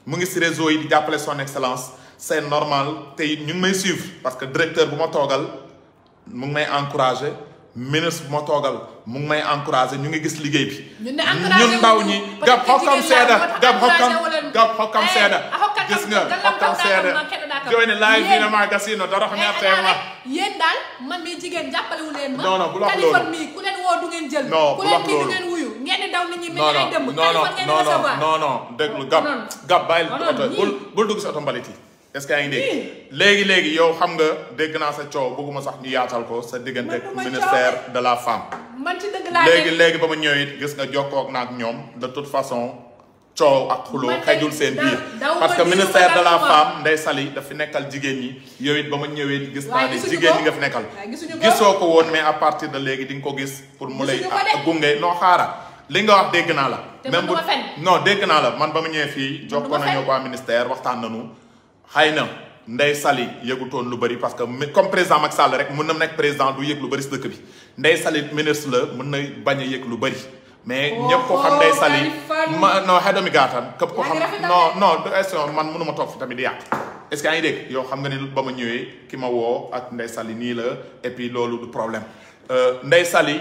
mu ngi si réseau yi di jàppale son excellence c' est normal te it ñu ngi may suivre parce que directeur bu ma toogal mu ngi may encouragé ministre bu ma toogal. mu ngi may encouragé ñu ngi gis liggéey bi. ñun ndaw ñi gab xokkam seeda gab xokkam gab eh, seeda ah, gis nga xokkam seeda jooni laay bi na maa gasino dara xam ne eh, affaire ma yéen daal man mi jigéen jàppalewu ma non bu la loolu téléphone mi ku woo du ngeen jël non bu la wax loolu ku leen kii du ngeen oto mbalit yi est-ce que yaa ngi léegi léegi yow xam nga dégg naa sa coow bëgguma sax ñu yaatal ko sa diggante ministère de la femme. léegi léegi ba ma ñëw it gis nga jokkoog naag ñoom de tout façon coow ak xuloo xejul seen biir. parce que ministère de la femme Ndeye Saly daf nekkal jigéen ñi yow it ba ma ñëwee gis naa ne jigéen ñi nga fi nekkal. gisoo ko woon mais à partir de léegi di nga ko gis. pour mu lay ah, gunge noo xaara li nga wax dégg naa la. même bu non dégg naa la man ba ma ñëwee fii jokkoon nañu waa ministère waxtaan nañu xay na Ndeye Saly yëgutoon lu bëri parce que comme président Macky Sall rek mën na nekk président du yëg lu bëri si dëkk bi Ndeye Saly ministre la mën na bañ a lu bëri. mais oh, ñëpp ko xam Ndeye Saly ma képp ko xam non non man mënu ma toog fi tamit di yàq. est-ce que yaa ngi dégg yow xam nga ni ba ma ñëwee ki ma woo ak Ndeye Saly nii la et loolu du problème euh, ndey Saly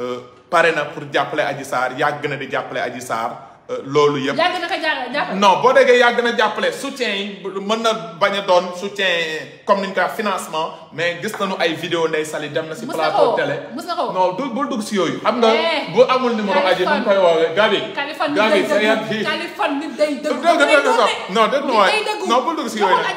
euh, pare na pour jàppale aji Sarr yàgg na di jàppale Adji Sarr. Euh, loolu yëpp yàgg na ko boo déggee yàgg na jàppale soutien yi mën na bañ a doon soutien comme ni ñu koy financement mais gis nu ay vidéo Ndeye Saly dem na si plateau télé non du bul dugg si yooyu xam nga eh, bu amul ni aji nu koy woowee Gabi Gabi sa yat bi non dégg nga waay non bul dugg si yooyu nag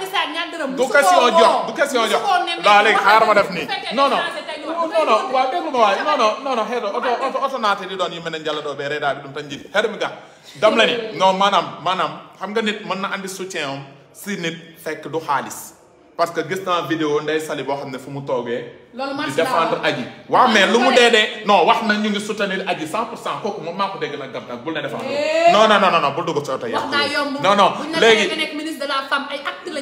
du question jox du question jox daa léegi def nii non non non non waaw déglu ma waay non non non non xeeto oto doon yu mel ne njala doo bee reedaa bi dum tan njit xeeto mi ga dam la ni non maanaam maanaam xam nga nit mën na andi soutien om si nit fekk du xaalis parce que gis naa vidéo Ndeye Saly boo xam ne fu mu toogee. di défendre aji. waaw mais lu mu dee dee non wax na ñu ngi soutenir aji 100 pour cent kooku moom maa ko dégg nag gab nag ne défendre eh. non non non non bul léegi buñ nekk ministre de la femme ay actes la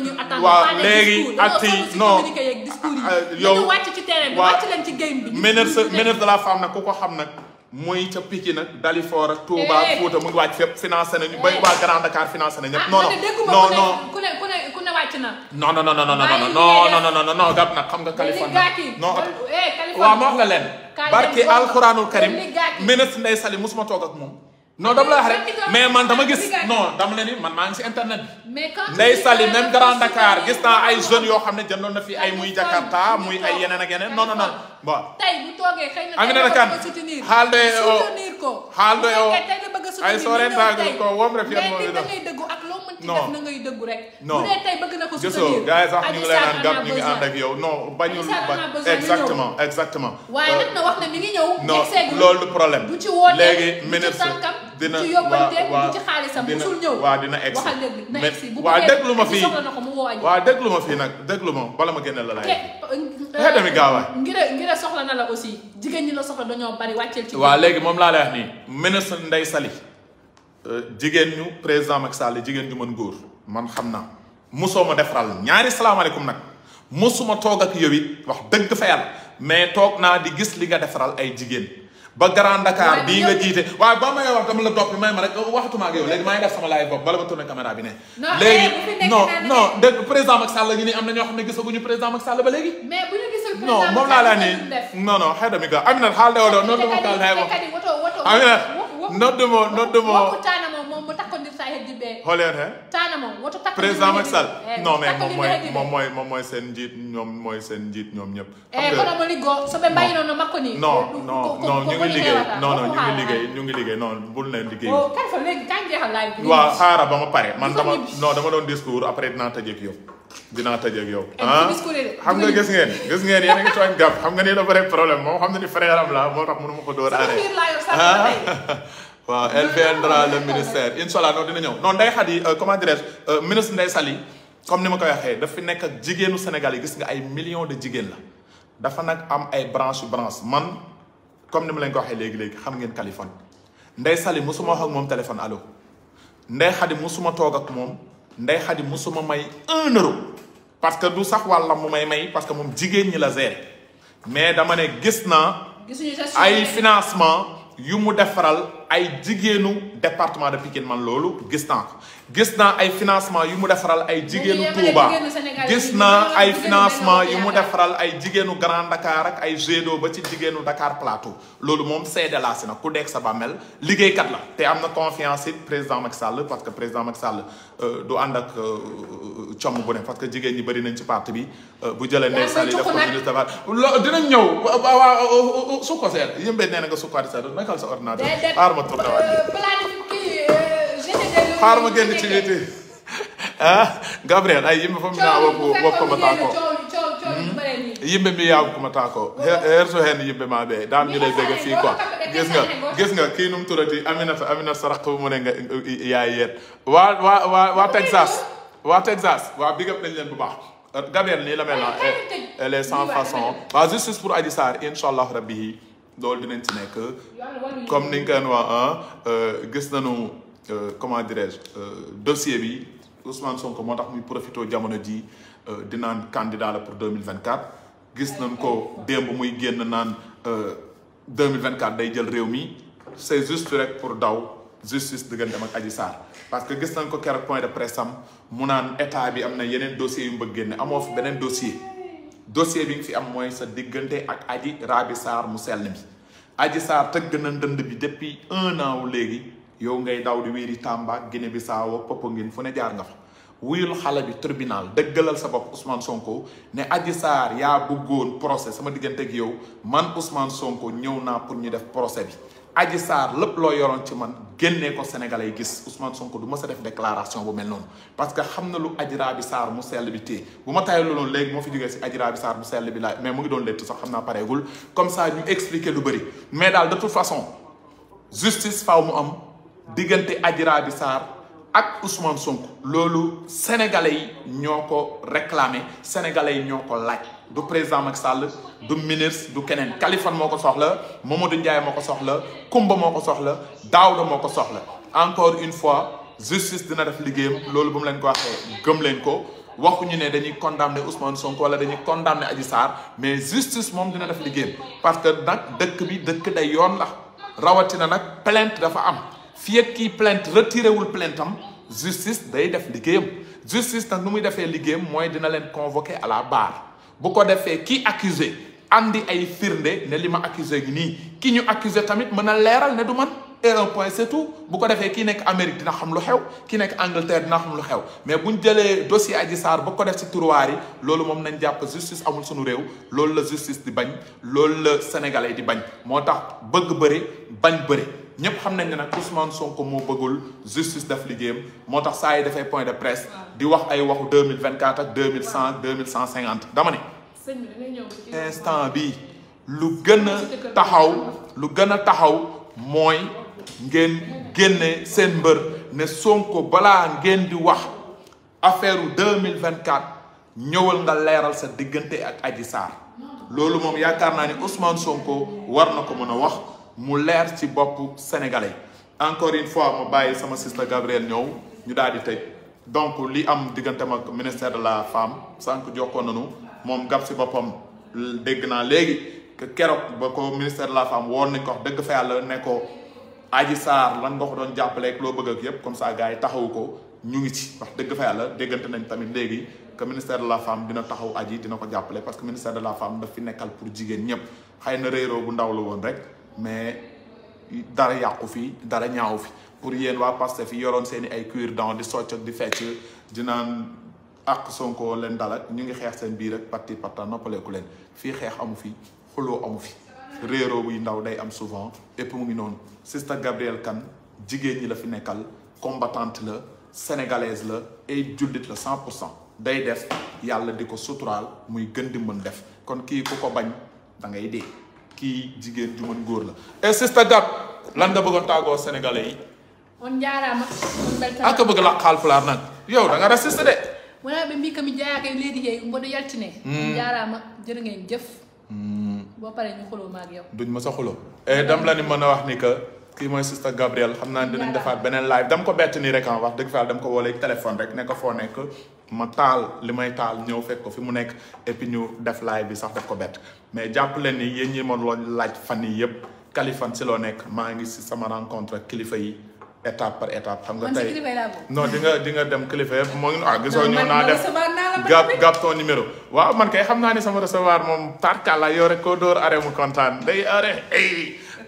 ah, yow wàcc ci terrain de la femme nag ku ko xam nag. mooy ca Pikine nag Dalifort ak Touba ak eh. Fouta mu ngi wàcc fépp financé nañu bay eh. waa Grand Dakar financé nañu ñëpp ah, non non non ku ne ku ne na non non non non non non non non gàpp nag xam nga Californie non eh, waaw ma wax la leen barke alxuraanul karim ministre Ndeye Saly toog ak moom non dama la mais man dama gis no dama leen ni man maa ngi si internet bi Ndeye Saly même Grand Dakar gis naa ay jeunes yoo xam ne jëndoon na fi ay muy Jakarta muy ay yeneen ak yeneen non non waaw tey bu toogee xëy na tey la bëgg a soutenir soutenir ko bu fekkee tey la bëgg a soutenir mais da ngay dëggu ak loo mënti def na ngay dëggu rek bu dee yi sax ñu ngi lay naan yow non ba exactement exactement waaye euh, nag na wax ne mi ngi ñëw non loolu problème bu ci wootee léegi ministre dina ci yóbbante ci xaalisam musul ñëw waaw dina egg waxal dëgg na egg si bu waaw déglu ma fii soxla na ko mu woo waaw déglu ma fii nag déglu ma bala ma génne la laay xeetami gaawaay la soxla na la aussi jigéen ñi la soxla dañoo bari wàcceel ci. waaw léegi moom laa lay wax nii ministre Ndeye Sali euh, jigéen ñu président Macky Sall jigéen ñu mën góor man xam naa mosoo ma defaral ñaari salaamaaleykum nag mosuma toog ak yow it wax dëgg fa mais toog naa di gis li nga defaral ay jigéen. ba Grand Dakar bii nga waaye ba may wax dama la topp may ma rek waxatuma ak yow léegi maa def sama live bopp bala ma tourné caméra bi ne. Eh, léegi non non dégg président Macky Sall am na ñoo xam ne gisaguñu président Macky Sall ba léegi. mais bu moom laa laa nii non non xëy na mi nga Aminata xaaral de wala noddu moo noddu moo mbokku Tanamo moom mu takkoon sa heddi bee. xooleen he. Tanamo woto takkoon président Macky Sall non mais moom mooy moom mooy moom mooy seen njiit ñoom mooy seen njiit ñoom ñëpp. kono mo liggo so ɓe makko ni non non ñu ngi liggéey non non ñu ngi liggéey ñu ngi liggéey non bul ne liggéey kay fa léegi kañ jeexal laay waaw xaara ba ma pare man dama non dama doon discours après dinaa tëjee ak yow dinaa tëj ak yow. Eh, ah xam nga gis ngeen gis ngeen yéen a ngi tooñ gàpp xam nga ni dafa rek problème moom xam na ni frère am la moo tax mënu ma ko door aaree. ah waaw elle viendra ministère incha allah dina ñëw non Ndeye Khady euh, comment dirais-je euh, ministre Ndeye comme ni ma koy waxee daf fi nekk ak jigéenu Sénégal gis nga ay millions de jigéen dafa nag am ay branche branche man comme ni ma ko waxee léegi léegi xam ngeen Kaliphone Ndeye Saly musuma wax ak moom téléphone allo Ndeye Khady musuma toog ak moom. ndey xadi musuma may un euro parce que du sax wàlla mu may may parce que moom jigéen ñi la gérer mais dama ne gis naa ay financement yu mu defaral ay jigéenu département de Pikine man loolu gis naa ko gis naa ay financement yu mu defaral ay jigéenu Touba gis na ay financement yu mu defaral ay jigéenu Grand Dakar ak ay Gédo ba ci jigéenu ndakaar Plateau loolu moom seede laa si nag ku deeg sa bàmmeel liggéeykat la te am na confiance it président Macky Sall parce que président Macky Sall euh, du ànd ak euh, euh, comm bu ne parce que jigéen ñi bëri nañ ci parti bi bu jëlee Ndeye Sall def ko dinañ ñëw waaw su ko seet yëmbee nee na nga sukkaati sa nakal sa ordinateur aar ma tourné xaar ma génn ci biti ah Gabriel ay yimɓe fof naa woppu woppoma taako yimɓe mbi yaabkoma taako herso hen yimɓe ma ɓe dam ñu lay bege fii quoi gis nga gis nga kii num turati aminata aminata sarak ne yaay yeen waa waa waa waa texas waa texas waa big up dañ leen bu baax Gabriel nii la mel na elle est sans façon waa justice pour Adji Sarr incha allah rabbi yi loolu dinañ ci nekk comme ni nga ko waxee gis nañu Euh, comment dirais-je euh, dossier bi Ousmane Sonko moo tax muy profité jamono ji euh, di naan candidat la pour 2024 gis nañ ko démb muy génn naan 2024 day jël réew mi c'est juste rek pour daw justice digganteem ak Adji Sarr parce que gis nañ ko keroog point de presse mu naan état bi am na yeneen dossiers yu mu bëgg génne amoo fi beneen dossier dossier bi nga fi am mooy sa diggante ak Adji Rabi Sarr mu sell mi Adji Sarr tëgg na ndënd bi depuis un an wu léegi yow ngay daw di wéeri Tamba Guinée Bissau Popenguine fu ne jaar nga fa wuyul xale bi tribunal dëggalal sa bopp Ousmane Sonko ne Adji Sarr yaa bëggoon procès sama diggante ak yow man Ousmane Sonko ñëw naa pour ñu def procès bi Adji Sarr lépp loo yoroon ci man génnee ko Sénégalais yi gis Ousmane Sonko du ma sa def déclaration bu mel noonu parce que xam na lu Adji Rabi Sarr mu sell bi téye bu ma tayal loolu léegi moo fi jógee si Adji Rabi Sarr mu sell bi laaj mais mu ngi doon léttu sax xam naa pareegul comme ça ñu expliquer lu bëri mais daal de toute façon justice faaw mu am. diggante Adji Raby Sarr ak Ousmane Sonko loolu sénégalais yi ñoo ko réclamé sénégalais yi ñoo ko laaj du président Macky Sall du ministre du keneen Kaliphone moo ko soxla Mamadou Ndiaye moo ko soxla Kumba moo ko soxla daaw Daouda moo ko soxla encore une fois justice dina def liggéeyam loolu bu mu leen ko waxee gëm leen ko waxuñu ne dañuy condamné Ousmane Sonko wala dañuy condamné Adji Sarr mais justice moom dina def liggéeyam parce que nag dëkk bi dëkk day yoon la rawatina nag plainte dafa am. fii ak kii plainte retiré wul plainte am justice day def liggéeyam justice nag nu muy defee liggéeyam mooy dina leen convoqué à la barre bu ko defee kii accusé andi ay firnde ne li ma accusé gi nii ki ñu accusé tamit mën a leeral ne du man et un point c'est tout bu ko defee kii nekk Amérique dina xam lu xew ki nekk Angleterre dina xam lu xew mais bu ñu jëlee dossier Adji saar ba ko def ci tiroir yi loolu moom nañ jàpp justice amul sunu réew loolu la justice di bañ loolu la sénégalais di bañ moo tax bëgg bëri bañ bëri. ñëpp xam nañ ne nag Ousmane Sonko moo bëggul justice daf liggéeyam moo tax saa yi dafay point de presse di wax ay waxu deux mille vingt quatre ak deux mille cent deux mille cent cinquante dama ne. instant bi lu gën a taxaw lu gën a taxaw mooy ngeen génne seen mbër ne Sonko balaa ngeen di wax affaire deux mille vingt quatre ñëwal nga leeral sa diggante ak Adji Sarr loolu moom yaakaar naa ni Ousmane Sonko war na ko mën a wax. mu leer ci bopp sénégalais encore une fois ma bàyyi sama sista Gabriel ñëw ñu daal di tëj donc li am digganteem ak ministère de la femme sànq jokkoon nañu moom gab si boppam dégg naa léegi que keroog ba ko ministère de la femme woon nañ ko wax dëgg fa yàlla ne ko Adji Sarr lan nga ko doon jàppale ak loo bëgg ak yépp comme ça gars yi taxawu ko ñu ngi ci wax dëgg fa yàlla déggante nañ tamit léegi que ministère de la femme dina taxaw Adji dina ko jàppale parce que ministère de la femme nekkal pour jigéen ñëpp xëy na réeroo bu ndaw la woon rek. mais dara yàqu fii dara ñaawu fi pour yéen waa Pastef fi yoroon seen i ay cuir dents di socc di fecc di naan ak Sonko leen dal ñu ngi xeex seen biir ak parti partant noppaleeku leen fii xeex amu fi xuloo amu fi réeroo buy ndaw day am souvent épp mu ngi noonu Sista Gabrielle kan jigéen ñi la fi nekkal combattante la sénégalaise la et jullit la cent pour cent day def yàlla di ko suturaal muy gën di mën def kon kii ku ko bañ da dee kii jigéen ju mën góor la et Sista Gap lan nga bëggoon tàggoo sénégalais yi. on jaaraama. ak ah, a bëgg la Haalpulaar nag yow danga nga raciste de. wala bi mbii kam jaayaakay léegi yeey mbodo yaltine. Hmm. on jaaraama jërë ngeen jëf. Hmm. boo paree ñu xuloo ma ak yow. duñ ma sa xuloo. et dam la mën a wax ni que. kii mooy sista Gabriel xam naa dinañ defaat beneen live dama ko bett nii rek ah wax dëgg fa dama ko woolee téléphone rek ne foo nekk ma taal li may taal ñëw fekk ko fi mu nekk et bi sax daf ko bett mais jàpp leen ni yéen ñi ma loon si loo ngi si sama rencontre kilifa yi étape par étape xam nga tey non di nga di nga dem kilifa yëpp moo ngi ah gisoo ñëw naa def gab gab ton numéro waaw man kay xam naa ni sama recevoir moom tarkala yow rek koo dóor are mu kontaan day are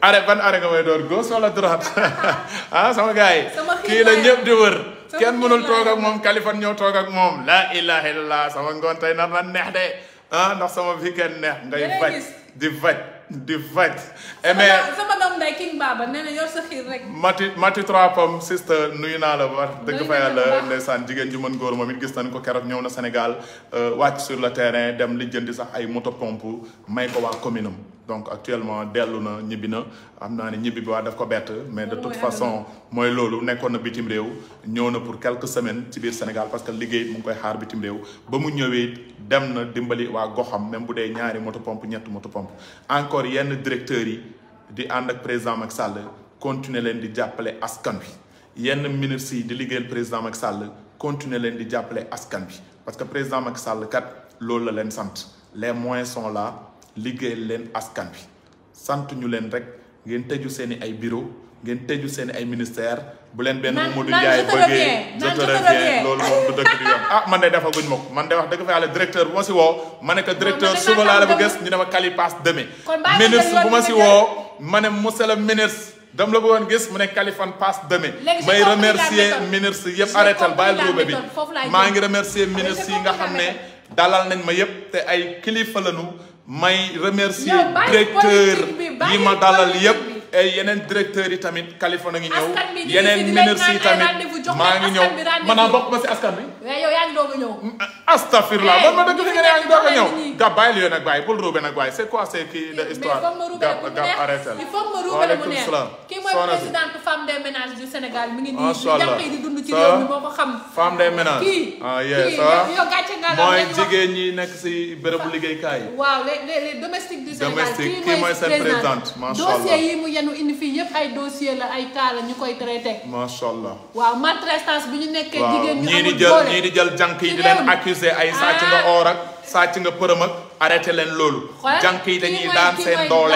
are ban are nga may door gauche wala droite ah sama gars kii la ñëpp di wër kenn mënul toog ak moom Kaliphone ñëw toog ak moom la ilaha illallah sama ngoon tey nar neex de ah ndax sama fi kenn neex ngay faj di faj di faj mais mati mati trois pom sister naa la ba dëgg fa yàlla ndeysaan jigéen ji mën góor moom it gis nañ ko keroog ñëw na Sénégal euh, wàcc sur le terrain dem li jëndi sax ay moto pompe may ko waa commune donc actuellement dellu na ñibbi na am naa ne ñibbi bi waa daf ko bett mais de toute façon mooy loolu nekkoon na bitim réew ñëw na pour quelques semaine ci biir Sénégal parce que liggéey mu ngi koy xaar bitim réew ba mu ñëwee dem na dimbali waa goxam même bu dee ñaari moto pompe ñetti moto pompe encore yenn directeurs yi di ànd ak président Macky Sall continuer leen di jàppale askan bi yenn ministres yi di liggéeyal président Macky Sall continuer leen di jàppale askan bi parce que président Macky Sall kat loolu la leen sant les moyens sont là liggéeyal leen askan wi sant ñu leen rek ngeen tëju seen i ay bureau ngeen tëju seen ay ministère bu leen benn Mamadou Ndiaye bëggee je te reviens loolu moom du dëkk bi yoon ah man de dafa guñ ma ko man de wax dëgg fa yàlla directeur bu ma si woo ma ne ko directeur suba laa la bu gës ñu dama kalipaas demee ministre bu ma si woo ma ne monsieur le ministre dam la bëggoon gis mu ne Kaliphone passe demain may remercier ministre yëpp arrêtal bàyyil ruube bi maa ngi remercier ministre yi nga xam ne dalal nañ ma yëpp te ay kilifa lañu may remercier directeur yi ma dalal yépp yeneen directeurs yi tamit Californie ngi ñëw. yeneen ministres yi tamit maa ngi ñëw maanaam bokk ma si askan bi. mais eh, yow yaa ngi doog ñëw. astafirlah man ma dëgg fi nga ne yaa ngi doog a ñëw. Mm, ah, eh, gab bàyyil yow nag bàyyi bul ruube nag bàyyi c'est quoi c'est kii de histoire. gab gab arrêté la. waaleykum salaam. kii mooy présidente femme des ménages du Sénégal mi ngi nii. macha allah di dund ci kii ah, kii ah. gàcce nga la mooy jigéen ñi nekk si bérébu liggéeykaay yi. waaw les les domestiques yenu indi fii yëpp ay dossier la ay cas la ñu koy traité. macha allah waaw maltraitance bi ñu nekkee. jigéen ñu amul doole waaw ñii di jël ñii di jël jànk yi di leen accuser ay sàcc nga ah. or ak sàcc nga përëm ak arrêté leen loolu. jànk yi dañuy daan seen doole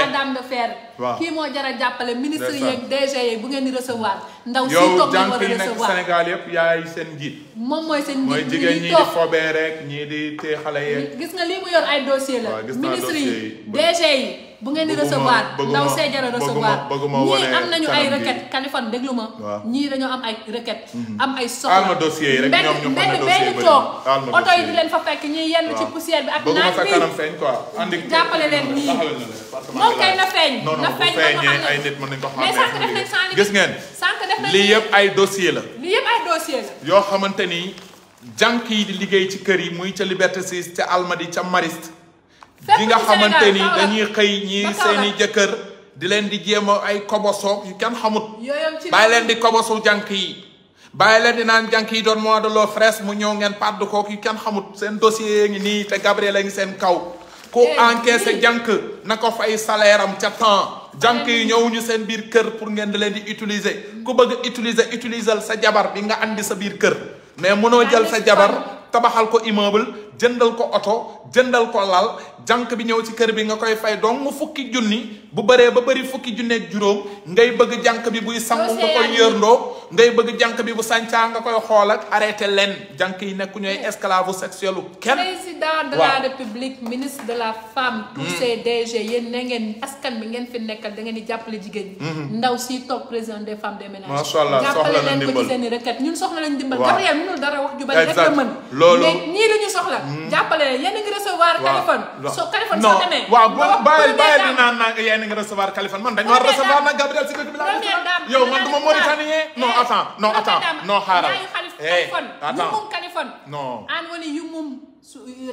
waaw kii moo jar a jàppale ministre yeeg DG yeeg bu ngeen di recevoir. ndaw si toog nga war a recevoir yow jànk yi nekk Sénégal yëpp yaay seen njiit. moom mooy seen njiit mooy jigéen ñii di fobee rek ñii di tee xale yeeg. gis nga lii mu yor ay dossier la. bu ngeen di recevoir ndaw see jara recevoir ñii am nañu ay requête Kaliphone déglu ma ñii dañoo am ay requête mhm. am ay soxla benn benn toog oto yi di leen fa fekk ñii yenn ci poussière bi ak naaj bi jàppale leen ñii moom kay na feeñ na feeñ ba ñu xam ne mais sànq def nañ sànq gis ngeen sànq def nañ lii yëpp ay dossier la lii yëpp ay dossier yoo xamante ni jànk yi di liggéey ci kër yi muy ca Liberté 6 ca Almadi ca Mariste di nga xamante ni dañuy xëy ñii seeni jëkkër di leen di jéem ay koboso yu kenn xamut bàyyi leen di kobosu jànk yi bàyyi leen di naan jànk yi doon mois de l'eau fraîche mu ñëw ngeen pàdd ko yu kenn xamut seen dossier ngi nii te Gabriel a ngi seen kaw ku eh, encaissé jànk na ko fay salaire am ca temps eh, jànk yi ñëwuñu seen biir kër pour ngeen di leen di utiliser ku bëgg utiliser utiliser sa jabar bi nga indi sa biir kër mais mënoo jël sa jabar tabaxal ko immeuble jëndal ko oto jëndal ko lal jànq bi ñëw ci kër bi nga koy fay donc mu fukki junni bu bëree ba bëri fukki junneeg juróom ngay bëgg jànq bi buy sangu nga koy yërndoo ngay bëgg bi bu sàncaa nga koy xool ak arrêté leen jànq yi nekku ñooy esclave sexuelu kenn président de la république ministre de la femme hmm. tous ces DG yéen na ngeen askan bi ngeen fi nekkal da ngeen di jàppale jigéen ñi hmm. ndaw si toog président des femmes des ménages jàppale leen ko ci seen i requête ñun soxla lañ dimbal Gabriel mënul dara Mm. jàppale yéen a ngi recevoir Kaliphone so Kaliphone soo demee waaw boo naan naa yéen a recevoir Kaliphone man dañu war recevoir nag Gabriel si dëkk bi laa yow man du ma mauritanien non eh, attends non attends non xaaral mum Kaliphone eh, non aan woni yummum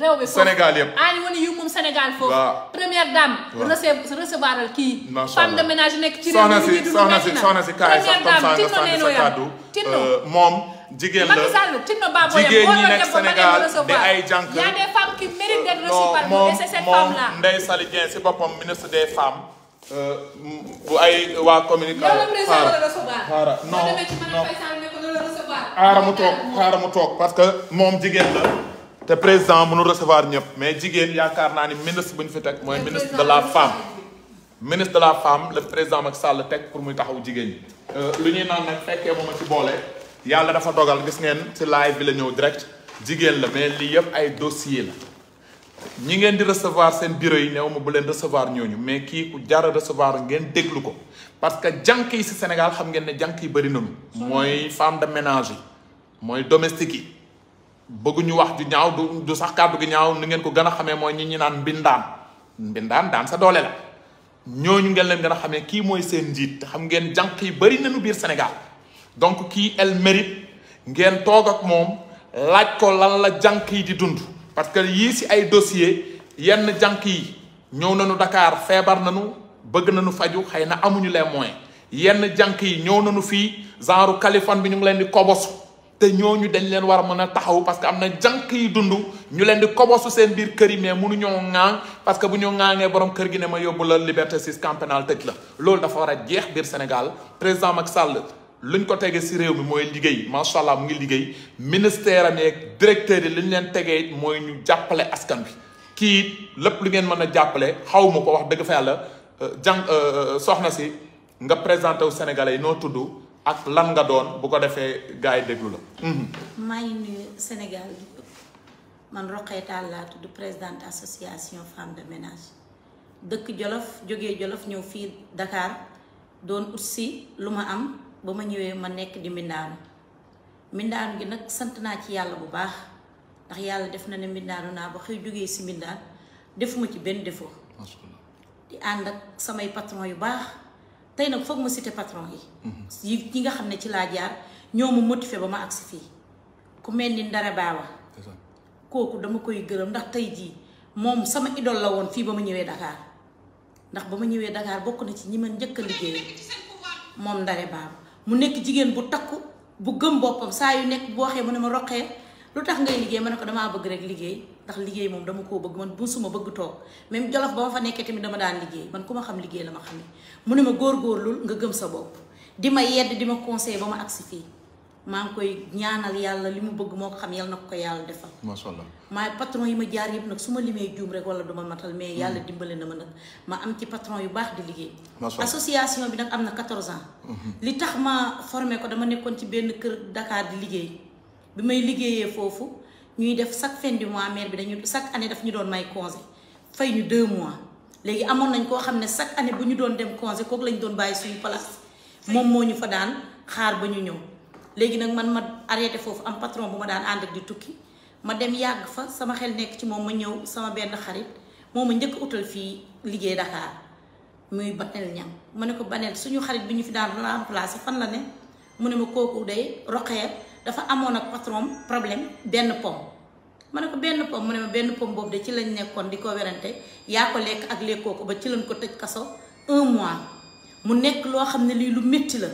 réew bi foofu Sénégal yëpp aani woni yummum Sénégal foofu recevoir al kii femme de ménage nekk ci réew mi soxna si soxna si kaay sax comme ça nga sànni jigéen la jigéen ñi nekk Sénégal di ay jànq non moom moom Ndeye Saly si boppam ministre des femmes. Euh, bu ay waa communication. xaaral mu toog xaaral mu toog parce que moom jigéen la. te président mënu recevoir ñëpp mais jigéen yaakaar naa ni ministre bu ñu fi teg mooy ministre de la fem ministre de la femme le président Macky Sall teg pour muy taxaw jigéen ñi. Euh, lu ñuy naan nag fekkee moom a ci boole. yàlla dafa dogal gis ngeen ci live bi la ñëw direct jigéen la mais lii yëpp ay dossier la ñi ngeen di recevoir seen bureau yi néew ma bu leen recevoir ñooñu mais kii ku jar a recevoir ngeen déglu ko parce que jànk yi si Sénégal xam ngeen ne jànk yi bëri nañu. mooy femme de ménage mooy domestique yi bëgguñu wax ju ñaaw du du sax kàddu gi ñaaw ni ngeen ko gën a xamee mooy ñi ñu naan mbindaan mbindaan daan sa doole la ñooñu ngeen leen gën xamee kii mooy seen njiit xam ngeen jànk yi bëri nañu biir Sénégal. donc kii elle ngeen toog ak moom laaj ko lan la jànq yi di dund parce que yii si ay dossier yenn jànq yi ñëw nañu Dakar feebar nañu bëgg nañu faju xëy na amuñu leen moyens yenn janq yi ñëw nañu fii genre Kaliphone bi ñu ngi leen di kobosu te ñoo ñu dañ leen war a mën a taxaw parce que am na jànq yi dund ñu leen di kobosu seen biir kër yi mais mënuñoo ŋaang parce que bu ñu ŋaangee borom kër gi ne ma yóbbu la liberté 6 camp tëj la loolu dafa war a jeex biir Sénégal président Macky Sall luñ ko tegee si réew mi mooy liggéey macha allah mu ngi liggéey ministère am yeeg directeur yi liñ leen tegee mooy ñu jàppale askan bi kii it lépp lu ngeen mën a jàppale xaw ma ko wax dëgg fa yàlla euh, jàng euh, euh, soxna si nga présenté wu Sénégalais yi noo tudd ak lan nga doon bu ko defee gars yi déglu la. Mhm. maa ngi nuyu Sénégal man Roqe Tall laa tudd présidente association femme de ménage dëkk Jolof jógee Jolof ñëw fii Dakar doon ut lu ma am. ba ma ñëwee ma nekk di mbindaanu mbindaanu gi nag sant naa ci yàlla bu baax ndax yàlla def na ne mbindaanu naa ba xëy jógee si mbindaan defuma ci benn défaut di ànd ak samay patron yu baax tey nag foog ma site patron yi mhm. yi ñi nga xam ne ci laa jaar ñoo ma motivé ba ma agsi fii ku mel ni ndare baawa kooku dama koy gërëm ndax tey jii moom sama idole la woon fii ba ma ñëwee dakaar ndax ba ma ñëwee Dakar bokk na ci ñi ma njëkk a liggéey moom Ndare Baaba mu nekk jigéen bu takku bu gëm boppam saa yu nekk bu waxee mu ne ma roqee lu tax ngay liggéey man ne ko damaa bëgg rek liggéey ndax liggéey moom dama koo bëgg man bu suma bëgg toog même jolof ba ma fa nekkee tamit dama daan liggéey man ku ma xam liggéey la ma xamee mu ne ma góor góorgóorlul nga gëm sa bopp di ma yedd di ma conseil ba ma agsi fii maa ngi koy ñaanal yàlla li mu bëgg moo ko xam yàlla na ko ko yàlla defal. macha allah maay patron yi ma jaar yëpp nag su ma limee juum rek wala du matal mais hmm. yàlla dimbale na ma nag ma am ci patron yu baax di liggéey. association bi nag am na 14 ans. Hmm. li tax ma formé ko dama nekkoon ci benn kër Dakar di liggéey bi may liggéeyee foofu ñuy def chaque fin bi mois maire bi dañu chaque année daf ñu doon may congé fay ñu 2 mois léegi amoon nañ koo xam ne chaque année bu ñu doon dem congé kooku lañ doon bàyyi suñu place moom moo ñu fa xaar ba ñu ñëw. léegi nag man ma arrêté foofu am patron bu ma daan ànd ak di tukki ma dem yàgg fa sama xel nekk ci moom ma ñëw sama benn xarit moom ma njëkk utal fii liggéey Dakar muy banel ñam ma ne ko banel suñu xarit bi ñu fi daan place fan la ne mu ne ma kooku day roqeer dafa amoon ak patron problème benn pom ma ne ko benn pom mu ne ma benn pom boobu de ci lañ nekkoon di ko werante yaa ko lekk ak lekkoo ba ci lañ ko tëj kaso un mois mu nekk loo xam ne lii lu métti la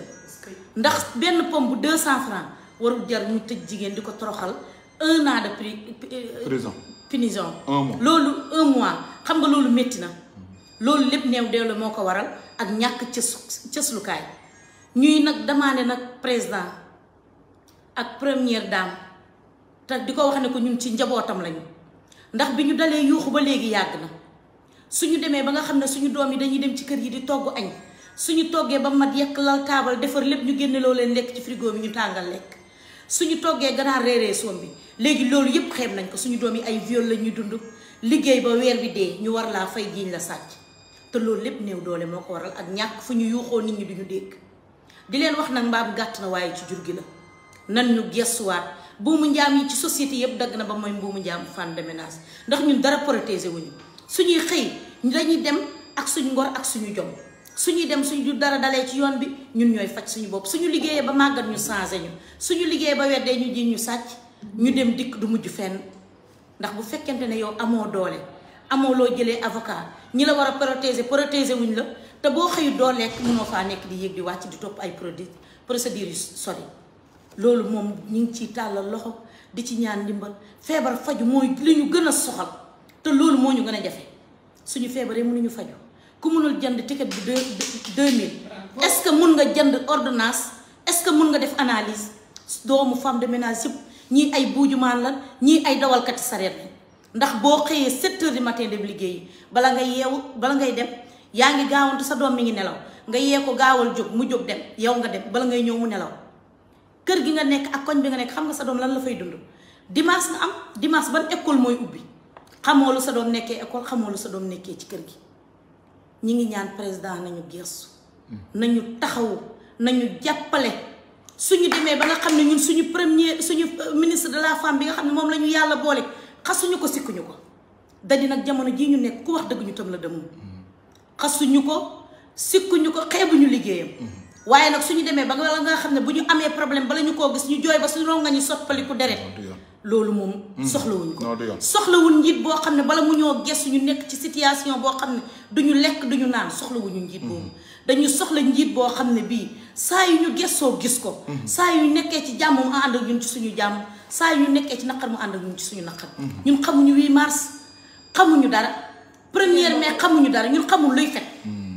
ndax benn pomme bu 200 francs warul jar ñu tëj jigéen di ko toroxal un an de pri euh, prison prison loolu un mois xam nga loolu métti na loolu lépp néew deew la moo ko waral ak ñàkk cës cëslukaay ñuy nag demandé nag président ak première dame te di ko wax ne ko ñun ci njabootam lañu ndax bi ñu dalee yuuxu ba léegi yàgg na suñu demee ba nga xam ne suñu doom yi dañuy dem ci kër yi di togg añ suñu toggee ba mat yekk lal taabal defar lépp ñu génne loo leen lekk ci frigo bi ñu tàngal lekk suñu toggee ganaar reeree soom bi léegi loolu yépp xeeb nañ ko suñu doom yi ay viol la ñuy dund liggéey ba weer bi dee ñu war laa fay jiiñ la sàcc te loolu lépp néew doole moo ko waral ak ñàkk fu ñu yuuxoo nit ñi duñu dégg di leen wax nag mbaam gàtt na waaye ci jur gi la nan ñu gestuwaat buumu njaam yi ci société yëpp dagg na ba mooy buumu njaam femme de ndax ñun dara protéger wuñu suñuy xëy dañuy dem ak suñu ngor ak suñu jom suñuy dem suñu dara dalee ci yoon bi ñun ñooy faj suñu bopp suñu liggéeyee ba màggat ñu changé ñu suñu liggéeyee ba weddee ñu ji ñu sàcc ñu dem dikk du mujj fenn ndax bu fekkente ne yow amoo doole amoo loo jëlee avocat ñi la war a protéger protéger wuñ la te boo xëyul doo lekk mënoo faa nekk di yéeg di wàcc di topp ay produit procédures yu sori loolu moom ñu ngi ciy tàllal loxo di ci ñaan ndimbal feebar faju mooy li ñu gën a soxal te loolu moo ñu gën a jafe suñu feebaree mënuñu faju ku mënul jënd ticket bi deux deux mille est-ce que mun nga jënd ordonnance est-ce que mun nga def analyse doomu fam de ménage yëpp ñii ay buujumaan lan ñii ay dawalkati ndax boo xëyee 7 heures du matin dem bala ngay yeewu bala ngay dem yaa ngi gaawantu sa doom mi ngi nelaw nga yee ko gaawal jóg mu jóg dem yow nga dem bala ngay ñëw mu nelaw kër gi nga nekk ak koñ bi nga nekk xam nga sa doom lan la fay dund dimanche nga am dimanche ban école mooy ubbi xamoo lu sa doom nekkee ecole xamoo lu sa doom nekkee ci kër gi ñi ngi ñaan président nañu gëstu nañu taxawu nañu jàppale suñu demee ba nga xam ne ñun suñu premier suñu euh, ministre de la femme bi nga xam ne moom la yàlla boole xasuñu ko sikkuñu ko dadi nag jamono jii ñu nekk ku wax dëgg ñu tam la dem xasuñu ko sikkuñu ko xeebuñu liggéeyam waaye nag suñu demee ba nga xam ne bu ñu amee problème bala ñu koo gis ñu jooy ba nga rongañu soppaliku deret loolu moom mhm. soxlawuñ ko soxlawuñ njiit boo xam ne bala mu ñoo gestu ñu nekk ci situation boo xam ne du ñu lekk duñu naan soxlawuñu njiit boobu mhm. dañu soxla njiit boo xam ne bii saa yu ñu gestoo gis ko mhm. saa yu nekkee ci jàmm mu ànd ak ñun ci suñu jàmm saa yu nekkee ci naqar mu ànd ak ñun ci suñu naqar ñun xamuñu 8 mars xamuñu dara première mai xamuñu dara ñun xamul luy fet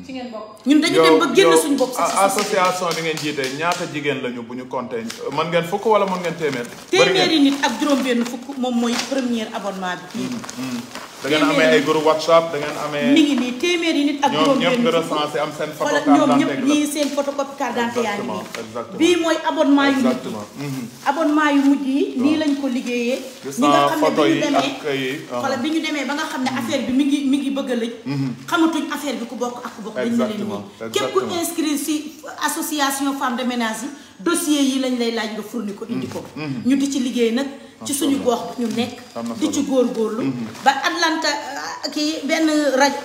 ci ngeen bokk. ñun dañu dem ba génn suñu bopp. sax association bi ngeen jiite ñaata jigéen lañu bu ñu compter man ngeen fukk wala man ngeen téeméer. bëri téeméeri nit ak juróom-benn fukk moom mooy premier abonnement bi. Hmm, hmm. da ngeen amee ay whatsapp da amee. mi ngi nii téeméeri nit ak ñoom ñëpp nga am seen. photo carte d'identité ñoom ñëpp ñii yaa ngi bii mooy abonnement yu mhm. yu mujj yi nii lañ ko liggéeyee. ñi nga xam ne uh-huh. bi ñu demee ba nga xam ne mhm. affaire bi mi ngi mi ngi bëgg a lëj. Mhm. xamatuñ affaire bi ku bokk ak ku bokk. dañu leen nii képp ku inscrit si association femme de ménage yi. dossier yi lañ lay laaj nga fourni ko indi ko mm-hmm. Mm-hmm. ñu di ci liggéey nag ci suñu gox bi ñu nekk di ci góor góorgóorlu mm-hmm. ba Atlanta ah, ki benn rajo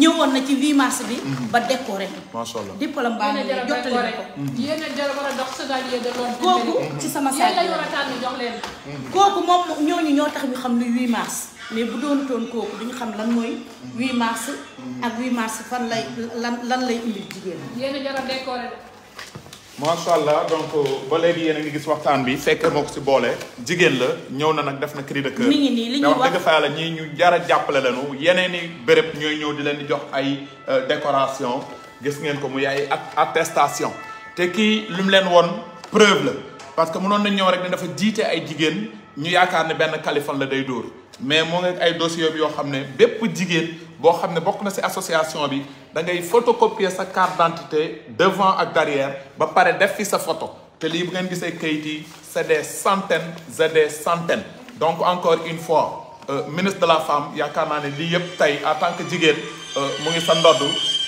ñëwoon na ci 8 mars bi ba décoré macha allah diplôme baa ngi jottali ko yéen a jar war a dox chevalier kooku ci sama saal yéen a jox leen kooku moom ñooñu ñoo tax ñu xam lu 8 mars mais bu doon toon kooku ñu xam lan mooy 8 mars ak 8 mars fan lay lan lan lay indi jigéen yéen macha allah donc ba léegi yéen ngi gis waxtaan bi fekk moo ko si boole jigéen la ñëw na nag def na cri de cœur mi ngi nii ñuy ñu jar jàppale lañu yeneen i béréb ñooy ñëw di leen di jox ay euh, décoration gis ngeen ko mu yaay ak attestation te kii lu mu leen woon preuve la parce que mënoon nañ ñëw rek ne dafa jiite ay jigéen ñu yaakaar ne benn kalifan la day dóor mais moo nga ay dossier bi yoo xam ne bépp jigéen boo xam ne bokk na ci association bi da ngay photocopier sa carte d'identité devant ak derrière ba pare def fi sa photo te lii bu ngeen gisee kayit yi c'est des centaines c'est des centaines donc encore une fois Euh, ministre de la femme yaakaar naa ne lii yëpp tey en tant que jigéen euh, mu ngi sa ndodd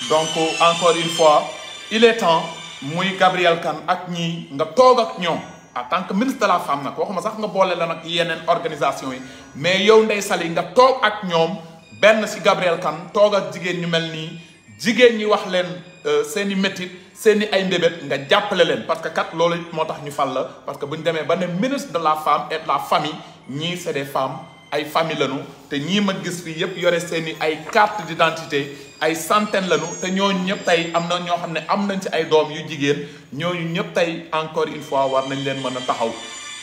donc encore une fois il temps muy Gabrielle Kane ak ñii nga toog ak ñoom en tant que ministre de la femme nag waxuma sax nga boole la nag yeneen organisation yi mais yow Ndeye Saly nga toog ak ñoom benn si Gabriel Kane toog ak jigéen ñu mel nii jigéen ñi wax leen euh, seen i métit seen i ay ndébét nga jàppale leen parce que kat loolu moo tax ñu fal la parce que bu ñu demee ba ne ministre de la femme et de la famille ñii c'est des femmes ay famille lañu te ñii ma gis fii yëpp yore seen i ay carte d'identité ay centaine lañu te ñooñu ñëpp tey am na ñoo xam ne am nañ ci ay doom yu jigéen ñu ñëpp tey encore une fois war nañ leen mën a taxaw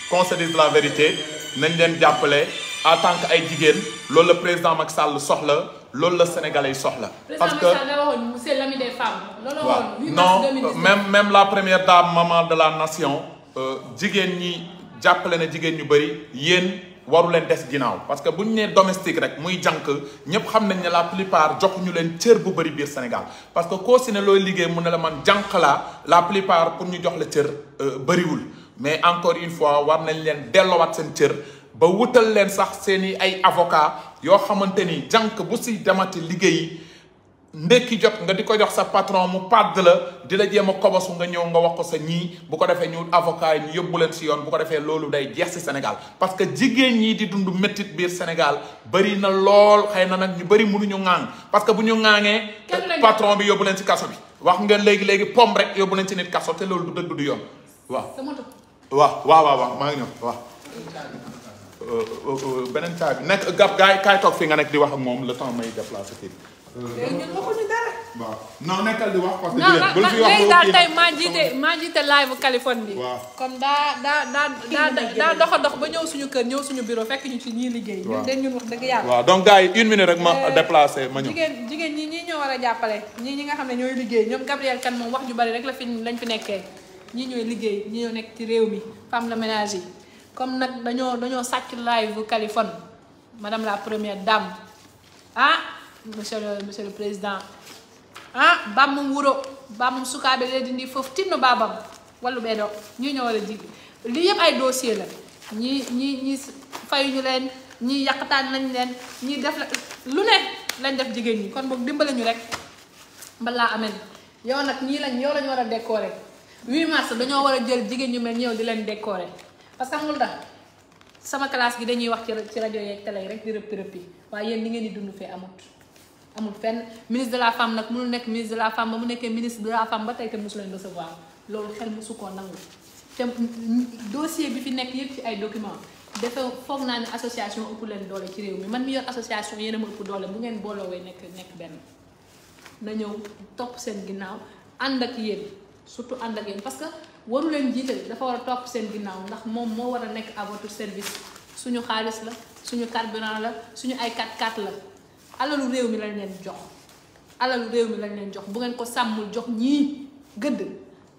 qu'on se la vérité nañ leen jàppale en tant que ay jigéen loolu la président mac Sall soxla loolu la sénégalais yi soxla. parce que monsieur l'ami non même même la première dame maman de la nation. Euh, jigéen ñi jàppale na jigéen ñu bëri yéen waru leen des ginnaaw parce que bu ñu nee domestique rek muy jànq ñëpp xam nañ ne la plupart joxuñu leen cër bu bëri biir Sénégal parce que koo looy liggéey mun na la man jànk laa la plupart pour ñu jox la cër euh, bëriwul mais encore une fois war nañ leen delloowaat seen cër. ba wutal leen sax seeni ay avocat yoo xamante ni jànk bu si demati liggéeyi ndekki jot nga di ko jox sa patron mu pàdd la di la jéem a kobosu nga ñëw nga wax ko sa ñii bu ko defee ñu avocat yi ñu leen si yoon bu ko defee loolu day jeex si Sénégal parce que jigéen ñi di dund méttit biir Sénégal bëri na lool xëy na nag ñu bëri mënuñu ŋaang parce que bu ñu ŋaangee patron bi yóbbu leen si kaso bi wax ngeen léegi léegi pom rek yóbbu leen si nit kaso te loolu du yoon waaw waaw waaw waaw maa Euh, euh, euh, beneen cas bi nekk gab gaay kaay toog fi nga nekk di wax ak moom le temps may déplacé kii bi. léegi ñun waxuñu dara. waaw non nekkal di wax. parce que bul daal tey maa jiite maa jiite live Californie bi. waaw comme daa daa daa daa dox a dox ba ñëw suñu kër ñëw suñu bureau fekk ñu ci ñii liggéey. waaw ñun dañ ñun wax dëgg yàlla. donc gars yi une minute rek ma déplacé ma ñu jigéen jigéen ñi ñoo war a jàppale ñii ñi nga xam ne ñooy liggéey ñoom Gabriel kan moom wax ju bari rek la fi lañ fi nekkee ñii ñooy liggéey ñi nekk ci réew mi femme de ménage comme nag dañoo dañoo sàcc live Kaliphone madame la première dame ah monsieur le monsieur le président ah bàmmum wuro bàmmum sukaabe lee dindi foofu tinnu baabam wallu bee doo ñii ñoo war a ji lii yëpp ay dossier la ñii ñii ñii fayuñu leen ñii yàqtaan lañ leen ñii def la lu ne lañ def jigéen ñi kon boog dimbale ñu rek balaa amee yow nag ñii lañ yow lañ war a décorer 8 mars dañoo war a jël jigéen ñu mel ñëw di leen décorer parce que amul tax sama classe bi dañuy wax ci ci rajo yeeg télé yi rek di rëppi rëppi waaye yéen li ngeen di dund fee amut amul fenn ministre de la femme nag mënul nekk ministre de la femme ba mu nekkee ministre de la femme ba tey kenn mosu leen recevoir loolu xel mosu koo nangu te dossier bi fi nekk yëpp ci ay document dafa foog naa ne association ëpp leen doole ci réew mi man mi yor association yéen a ma ëpp doole bu ngeen booloowee nekk nekk benn na ñëw topp seen ginnaaw ànd ak yéen surtout ànd ak parce waru leen jiital dafa war a topp seen ginnaaw ndax moom moo war a nekk à votre service suñu xaalis la suñu carburant la suñu ay 4x4 la alalu réew mi lañ leen jox alalu réew mi lañ leen jox bu ngeen ko sàmmul jox ñii gëdd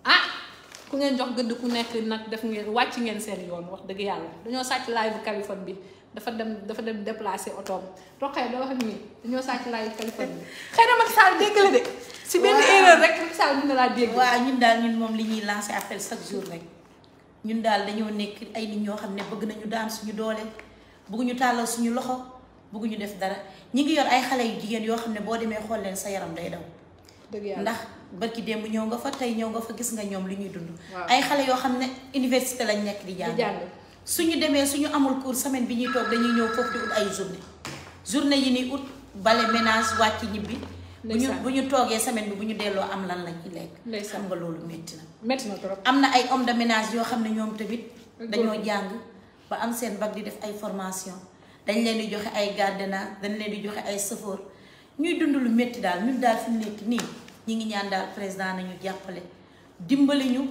ah ku ngeen jox gëdd ku nekk nag def ngeen wàcc ngeen seen yoon wax dëgg yàlla dañoo sàcc live Kaliphone bi dafa dem dafa dem déplacé otoom roqee da wax ni dañoo sàcc live Kaliphone bi xëy na Macky Sall dégg la de si benn erreur rek Macky Sall mën na laa ñun daal ñun moom li ñuy lancé appel chaque jour rek ñun daal dañoo nekk ay nit ñoo xam ne bëgg nañu daan suñu doole bëgguñu tàllal suñu loxo bëgguñu def dara ñi ngi yor ay xale yu jigéen yoo xam ne boo demee xool leen sa yaram day daw. ndax barki démb ñëw nga fa tey ñëw nga fa gis nga ñoom li ñuy dund. ay xale yoo xam ne université lañ nekk di jàng. suñu demee suñu amul cours semaine bi ñuy toog dañuy ñëw foofu di ut ay journée journée yi ni ut bale ménage wàcc ñibbi bu ñu bu ñu toogee semaine bi bu ñu delloo am lan lañ ci lekk. xam nga loolu métti na. métti na am na ay hommes de ménage yoo xam ne ñoom tamit. dañoo jàng ba am seen bag di def ay formation dañ leen di joxe ay gardiennage dañ leen di joxe ay chauffeur ñuy dund lu métti daal ñun daal fi mu nekk nii ñi ngi ñaan daal président nañu jàppale dimbali ñu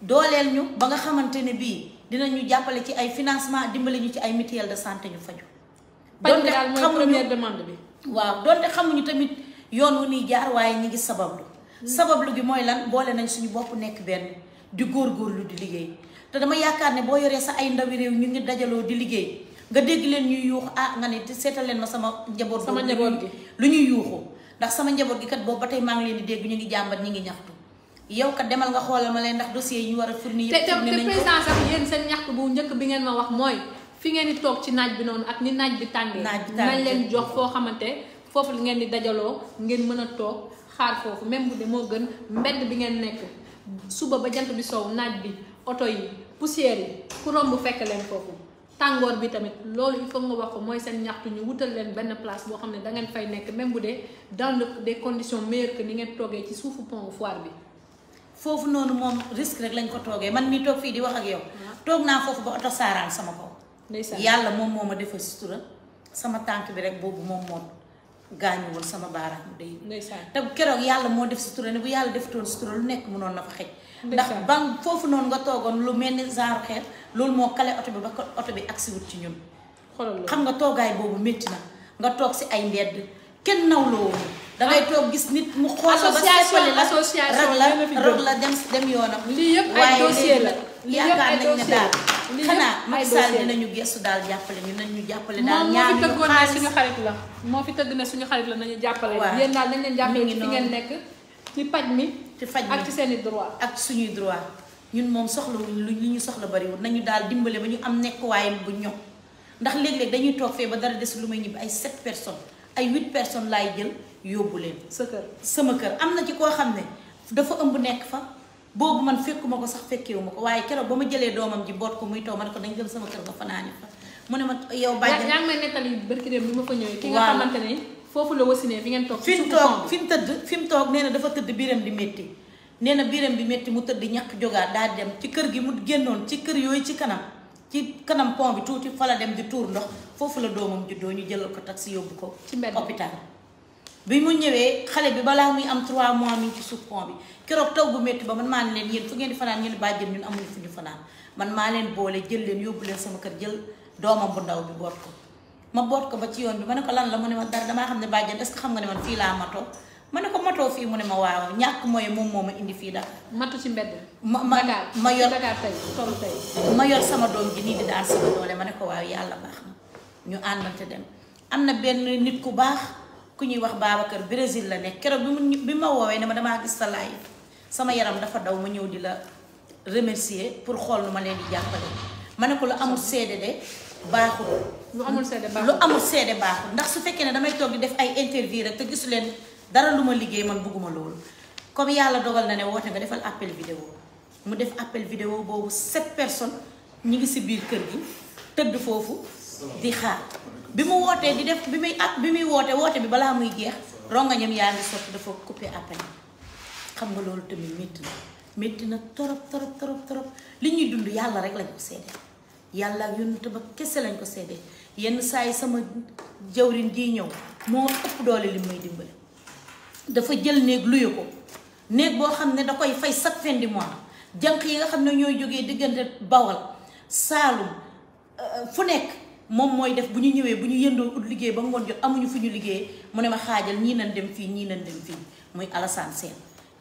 dooleel ñu ba nga xamante ne bii dinañu jàppale ci ay financement dimbali ñu ci ay mutuelle de santé ñu faju donte xamuñu bi yoon wu ñuy jaar waaye ñi ngi sabablu hmm. sabablu gi mooy lan boole nañ suñu bopp nekk benn di lu di liggéey te dama yaakaar ne boo yoree sa ay ndawi réew ñu ngi dajaloo di liggéey nga dégg leen ñuy yuuxu ah nga ne seetal leen ma sama njaboot sama njaboot gi lu ñuy ndax sama njaboot gi kat boobu ba maa ngi leen ñu ngi jàmbat ñu ngi ñaxtu yow kat demal nga xoolal ma leen ndax dossier yi ñu war a fournir te te président sax yéen seen ñaxtu bu njëkk bi ngeen ma wax mooy fi ngeen di toog ci naaj bi noonu ak ni naaj bi tàng naaj bi tàngee nañ leen jox foo xamante foofu ngeen di dajaloo ngeen mën a toog xaar foofu même bu dee moo gën mbedd bi ngeen nekk suba ba jant bi soow naaj bi oto yi poussière yi ku romb fekk leen foofu tàngoor bi tamit loolu il faut wax ko mooy seen ñaxtu ñu wutal leen benn place boo xam ne da ngeen fay nekk même bu dee dans des conditions meilleures que ngeen toogee ci suufu pont foire bi. foofu noonu moom risque rek lañ ko toogee man mi toog fii di wax ak yow. Ah. toog naa foofu ba oto saaraan sama kaw. yàlla moom moo ma defal sutura sama tànk bi rek boobu moom moo. gaañu woon sama baaraam day te keroog yàlla moo def sutura ne bu yàlla deftoon sutura lu nekk mënoon na fa xëj ndax ban foofu noonu nga toogoon lu mel ni genre xeer loolu moo kale oto bi ba ko oto bi agsi wut ci ñun xam nga toogaay boobu métti na nga toog si ay mbedd kenn nawloo woon da toog gis nit mu xool la ba seppali la rag la rag la dem dem yoonam lii yëpp ay dossier la yaakaar nañ ne daal xanaa Macky Sall dinañu gëstu daal jàppale ñu nañu jàppale daal ñaan ñu moo fi tëggoon ne suñu xarit la moo fi tëgg ne suñu xarit la nañu jàppale yéen daal nañ leen jàppale ci fi ngeen nekk ci faj mi ci faj mi ak ci seeni droit ak suñuy droit ñun moom soxla soxlawuñ lu ñu soxla bariwul nañu daal dimbale ba ñu am nekkuwaayam bu ñoom ndax léeg-léeg dañuy toog fee ba dara des lu may ñibbi ay sept personnes ay huit personnes laay jël yóbbu leen sa kër sama kër am na ci koo xam ne dafa ëmb nekk fa boobu man fekkuma ko sax fekkeewuma ko waaye keroog ba ma jëlee doomam ji boot ko muy taw ma ko dañ dem sama kër nga fanaani fa mu ne ma yow bàjj yaa ngi may nettali barki dem bi ma ko ñëwee ki nga xamante ne foofu la wasinee fi ngeen toog fi mu toog fi mu tëdd fi mu toog nee na dafa tëdd biram di métti nee na biiram bi métti mu tëdd ñàkk jógaat daal dem ci kër gi mu génnoon ci kër yooyu ci kanam ci kanam pont bi tuuti fa la dem di tuur ndox foofu la doomam juddoo ñu jëlal ko taxi yóbbu ko hôpital bi mu ñëwee xale bi balaa muy am 3 mois mi ci suuf pont bi keroog maa leen yéen ngeen fanaan ngeen bàjjen ñun amuñu fu fanaan man maa leen boole jël leen yóbbu leen sama kër jël doomam bu ndaw bi boot ko. ma boot ko ba ci yoon bi ma ne ko lan la mu ne ma dara damaa xam ne bàjjen est-ce que xam matoo fii mu ne ma waaw ñàkk mooy moom moo ma indi fii daal. matu ci mbedd. ma ma ma yor Dakar tey ma yor sama doom ji nii di daan ma ne ko waaw yàlla baax na ñu àndante dem am na benn nit ku baax ku ñuy wax baaba Babacar Brésil la ne keroog bi mu bi ma woowee ne ma damaa gis sa live sama yaram dafa daw ma ñëw di la remercier pour xool nu ma leen di jàppale ma ne ko lu amul seede de baaxul. lu amul seede baaxul lu amul seede baaxul ndax su fekkee ne damay toog di def ay interview rek te gisu leen dara lu ma liggéey man bëgguma loolu comme yàlla dogal na ne woote nga defal appel vidéo mu def appel vidéo boobu sept personnes ñi ngi si biir kër gi tëdd foofu di xaar. bi mu wootee di def bi muy at bi muy woote woote bi balaa muy jeex rongañam yaa ngi sotti dafa coupé appel xam nga loolu tamit métti na métti na torop torop torop torop li ñuy dund yàlla rek lañ ko seede yàlla ak yonent ba kese lañ ko seede yenn saa yi sama jawrin ji ñëw moo ëpp doole li muy dimbale dafa jël néeg luyu ko néeg boo xam ne da koy fay chaque fin du mois jànq yi nga xam ne ñooy jógee diggante Bawal Saalum euh, fu nekk moom mooy def bu ñu ñëwee bu ñu yëndoo ut liggéey ba ngoon jot amuñu fu ñu liggéey mu ne ma xaajal ñii nañ dem fii ñii nañ dem fii muy Alassane Sène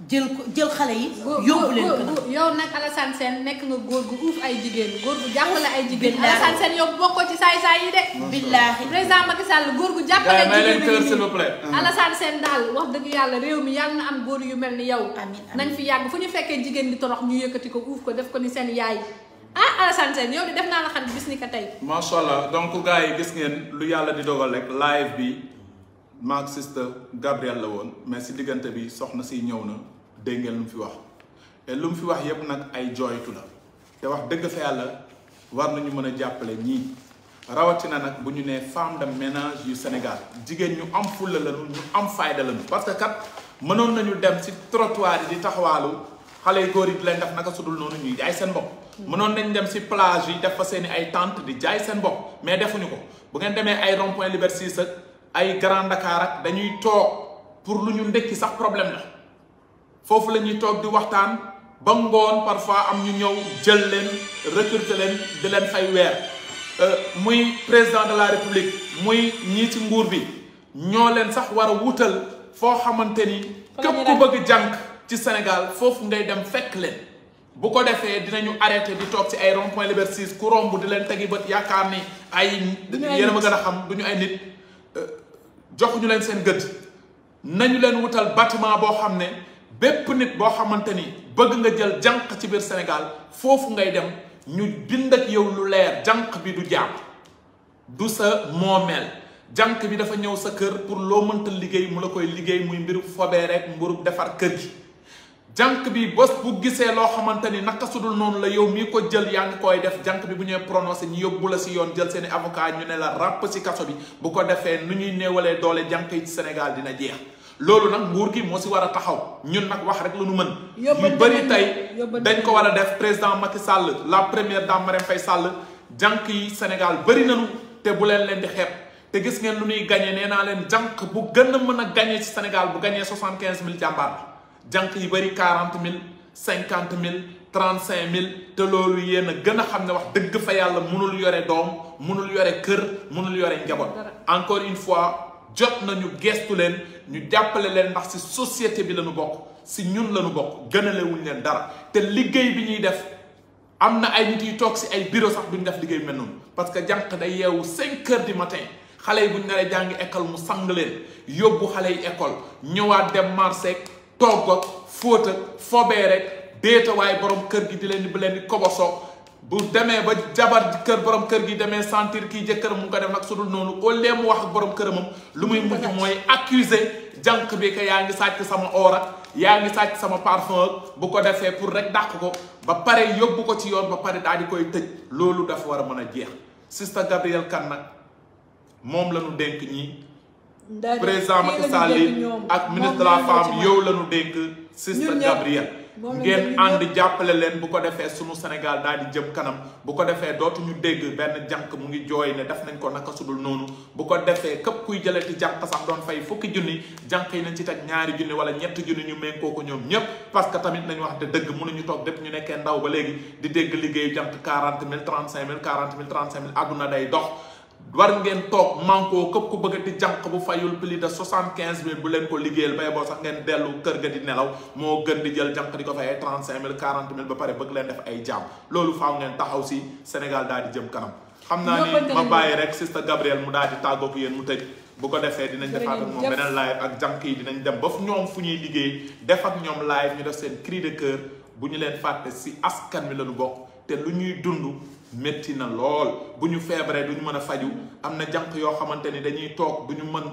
jël ko jël xale yi. yóbbu leen yow nag Alassane Sène nekk nga góor gu uuf ay jigéen góor gu jàppale ay jigéen. Alassane Sène yow bokkoo ci saay-saay yi de. billaahi président Macky Sall góor gu jàppale jigéen ñi s'il vous plaît. Alassane Sène daal wax dëgg yàlla réew mi yàlla na am góor yu mel ni yow. amiin nañ fi yàgg fu ñu fekkee jigéen di torox ñu yëkkati ko uuf ko def ko ni seen yaay ah Alassane Sène yow de def naa la xam bis ni ko tey. macha allah donc gars yi gis ngeen lu yàlla di dogal rek live bi maag siste Gabriel la woon mais si diggante bi soxna si ñëw na dégg ngeen lu mu fi wax te lu mu fi wax yépp nag ay jooytu la te wax dëgg fa yàlla war nañu mën a jàppale ñii rawatina nag bu ñu nee femme de ménage yu Sénégal jigéen ñu am fulla lañu ñu am fayda lañu parce que kat mënoon nañu dem si trottoir yi di taxawaalu xale yu góor yi l leen def naka sudul noonu ñuy jaay seen bopp. mënoon nañ dem si plage yi def fa seen i ay tente di jaay seen bopp mais defuñu ko bu ngeen demee ay rond point Liberté 6 ak ay Grand Dakar ak dañuy toog pour lu ñu ndekki sax problème na foofu la ñuy toog di waxtaan ba ngoon parfois am ñu ñëw jël leen recruter leen di leen fay weer euh, muy président de la république muy ñii ci nguur bi ñoo leen sax war a wutal foo xamante ni képp ku bëgg jànq ci Sénégal foofu ngay dem fekk leen bu ko defee dinañu arrêté di toog ci ay rond point Liberté 6 ku romb di leen tegi bët yaakaar ni ay yéen ma gën a xam du ñu ay nit euh, joxuñu leen seen gët nañu leen wutal bâtiment boo xam ne bépp nit boo xamante ni bëgg nga jël jànq ci biir Sénégal foofu ngay dem ñu bind yow lu leer jànq bi du jàpp du sa moomeel janq bi dafa ñëw sa kër pour loo mënta liggéey mu la koy liggéey muy mbiru fobee rek mburu defar kër gi jànq bi bés bu gisee loo xamante ni naka sudul noonu la yow mii ko jël yaa ngi koy def jànq bi bu ñuy prononcé ñu yóbbu la si yoon jël seen avocat ñu ne la ràpp si kaso bi bu ko defee nu ñuy néewalee doole jànq yi ci Sénégal dina jeex loolu nag nguur gi moo si war a taxaw ñun nag wax rek lu nu mën yu bëri tey dañ ko war a def président Macky Sall la première dame Marème Faye Sall jànq yi Sénégal bëri nañu te bu leen leen di xeeb te gis ngeen lu ñuy gañee nee naa leen jànq bu gën a mën a gañee ci Sénégal bu gañee soixante-quinze mille jàmbaar jànq yi bëri quarante mille cinquante mille trente cinq mille te loolu yéen a gën a xam ne wax dëgg fa yàlla mënul yore doom mënul yore kër mënul yore njaboot encore une fois jot nañu gestu leen ñu jàppale leen ndax si société bi lañu bokk si ñun lañu bokk gënalewuñ leen dara te liggéey bi ñuy def am na ay nit yu toog si ay bureau sax ñu def liggéey mel noonu parce que jànq day yeewu cinq heures di matin xale yi bu buñ naree jàng école mu sang leen yóbbu xale yi école ñëwaat dem marché togg ak fóot ak fobee rek déeta borom kër gi di leen di leen di koboso bu demee ba jabar ji kër borom kër gi demee sentir kii jëkkër mu ngi ko def nag su dul noonu au lieu mu wax ak borom këramam lu muy mujj mooy accuser jànq bi que yaa ngi sàcc sama ora yaa ngi sàcc sama parfum bu ko defee pour rek dàq ko ba pare yóbbu ko ci yoon ba pare daal di koy tëj loolu dafa war a mën a jeex sista Gabrielle Kane nag moom la ñu dénk président Macky Sall ak ministre de la femme yow la ñu dénk Sista Gabrielle ngeen ànd jàppale leen bu ko defee sunu Sénégal daal di jëm kanam bu ko defee dootuñu dégg benn janq mu ngi jooy ne def nañ ko naka sudul noonu bu ko defee képp kuy jëlati jànq sax doon fay fukki junni jànq yi nañ ci teg ñaari junni wala ñetti junni ñu méngkoo ko ñoom ñépp parce que tamit nañu wax te dëgg mënuñu toog dépp ñu nekkee ndaw ba léegi di dégg liggéeyu jànq quarante mille trente cinq mille quarante mille trente day dox war ngeen toog manko këpp ku bëggati jànq bu fayul plus de soixante quinze mille bu leen ko liggéeyal bay boo sax ngeen dellu kër ga di nelaw moo gën di jël jànq di ko fay ay trente cinq mille quarante mille ba pare bëgg leen def ay jaam loolu faaw ngeen taxaw si Sénégal daal di jëm kanam xam naa ni ma bàyyi rek sista Gabriel mu daal di tàggoog yéen mu tëj bu ko defee dinañ defaat ak moom beneen live ak jànq yi dinañ dem ba ñoom fu ñuy liggéey def ak ñoom live ñu def seen cri de bu ñu leen fàtte si askan mi lañu bokk te lu ñuy dund métti na lool bu ñu feebaree du ñu mën a faju am na jànq yoo xamante ni dañuy toog bu ñu mën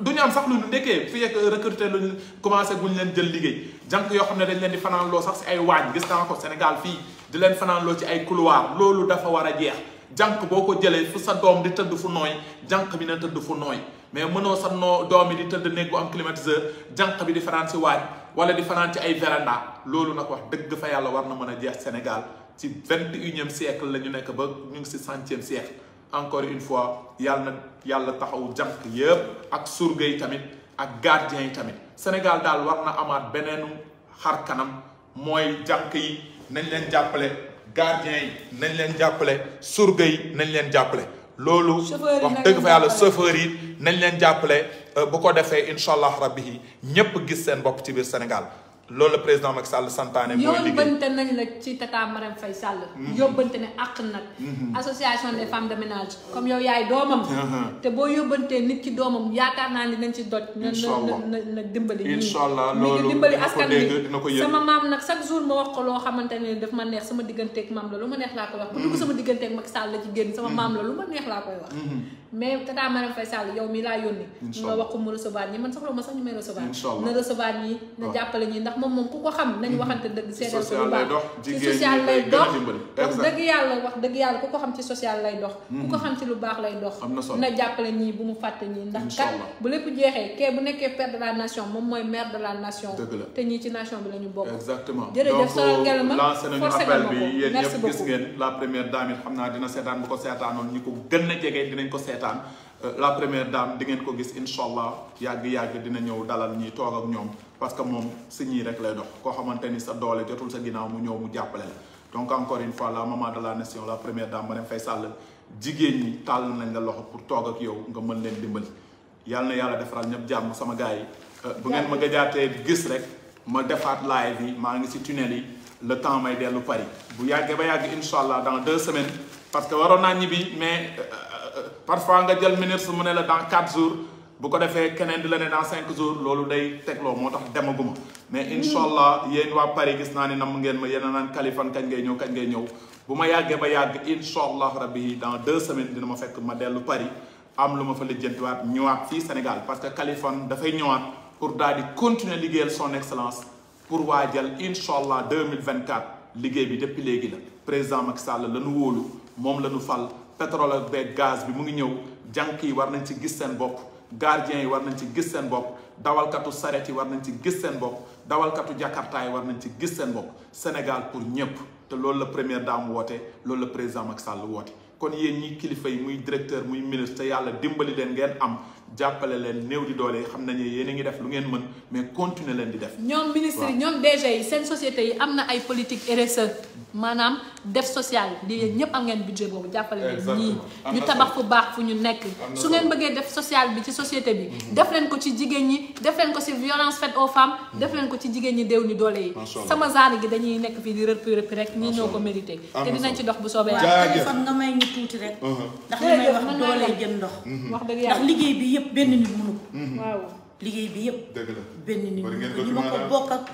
du ñu am sax lu ñu ndekkee fii ak recruter lu ñu commencé bu leen jël liggéey jànq yoo xam ne dañ leen di fanaanloo sax si ay waañ gis naa Sénégal fii di leen fanaanloo ci ay couloir loolu dafa war a jeex jànq boo ko jëlee fu sa doom di tëdd fu nooy jànq bi na tëdd fu nooy mais mënoo sa noo doom yi di tëdd néeg bu am climatiseur jànq bi di fanaan si waañ wala di fanaan ci ay véranda loolu nag wax dëgg fa yàlla war na mën a jeex Sénégal ci vingt et unième siècle la ñu nekk ba ñu ngi si centième siècle encore une fois yàlla na yàlla taxaw jànq yëpp ak surga yi tamit ak gardien yi tamit Sénégal daal war na amaat beneenu xar kanam mooy jànq yi nañ leen jàppale gardien yi nañ leen jàppale surga yi nañ leen jàppale loolu wax dëgg fa yàlla chauffeur yi nañ leen jàppale euh, bu ko defee incha allah rabbi yi ñépp gis seen bopp ci biir Sénégal loolu la président Macky Sall santaane. mooy liggéey yóbbante nañ la ci tata Marème Faye Sall. Mhm. yóbbante ne àq nag. Mhm. association des femmes de ménage comme yow yaay doomam. Mhm. te boo yóbbantee nit ci doomam yaakaar naa ne nañ ci doj. incha allah na na dimbali. incha allah loolu dimbali askan bi sama maam nag chaque jour ma wax ko loo xamante ne daf ma neex sama digganteeg maam la lu ma neex laa koy wax. bu dugg sama digganteeg Macky mag la ci génn sama maam la lu ma neex laa koy wax. mais tata Marème Faye Sall yow mi laa yónni nga wax ko mu recevoir ñi man soxla ma sax ñu may recevoir na recevoir ndax moom moom ku ko xam nañ waxante mhm. dëgg seedal ko lu baax ci social lay dox wax dëgg yàlla wax dëgg yàlla ku ko xam ci social lay dox mhm. ku ko xam ci lu baax lay dox na jàppale ñii bu mu fàtte ñii ndax kat bu lépp jeexee kee bu nekkee père de la nation moom mooy maire de la nation te ñii ci nation bi la ñu bokk ko seetaanoon ñi ko gën a jege seetaan euh, la première dame di ko gis incha yàgg-yàgg dina ñëw dalal ñiy toog ak ñoom parce moom si ñii rek lay dox koo xamante ni sa doole jotul sa ginnaaw mu ñëw mu jàppale la donc encore une fois la maman de la nation la première dame Marième Faye jigéen ñi tàll nañ la loxo pour toog ak yow nga mën leen dimbali yàlla na yàlla defaral ñëpp jàmm sama gars euh, bu ngeen ma gëjaatee gis rek ma defaat live yi maa ngi si tunnel yi le temps may dellu parfois nga jël su mu ne la dans quatre jours bu ko defee keneen di la ne dans cinq jours loolu day tegloo moo tax demaguma mais incha allah yéen waa Paris gis naa ne nam ngeen ma yéen a naan Kaliphone kañ ngay ñëw kañ ngay ñëw bu ma yàggee ba yàgg incha allah rabbi dans deux semaines dina ma fekk ma dellu Paris am lu ma fa lijjantiwaat ñëwaat fii Sénégal parce que Kaliphone dafay ñëwaat pour daal di continuer liggéeyal son excellence pour waajal incha allah 2024 liggéey bi depuis léegi la président Macky Sall la nu moom la nu fal. pétrole ak beeg gaz bi mu ngi ñëw jànk yi war nañ ci gis seen bopp gardien yi war nañ ci gis seen bopp dawalkatu saret yi war nañ ci gis seen bopp dawalkatu jakarta yi war nañ ci gis seen bopp Sénégal pour ñëpp te loolu la première dame woote loolu la président Macky Sall woote kon yéen ñi kilifa yi muy directeur muy ministre te yàlla dimbali leen ngeen am jàppale leen néew di doole xam nañu yéen ngi def lu ngeen mën mais continuer leen di def. ñoom ministre ñoom DG yi seen société yi am na ay politique RSE maanaam def social di ñëpp am ngeen budget boobu jàppale leen ñii ñu tabax fu baax fu ñu nekk su ngeen bëggee def social bi ci société bi mhm. def leen ko ci jigéen ñi def leen ko ci violence faite aux femmes mhm. def leen ko ci jigéen ñi déew ñu doole yi sama genre gi dañuy nekk fii di rëppi rëppi rek ñii ñoo ko mérité te dinañ ci dox bu soobee yëpp benn nit mënu ko. Mhm. liggéey bi yëpp. dëgg la benn nit mënu ko ñu ma ko bokk ak.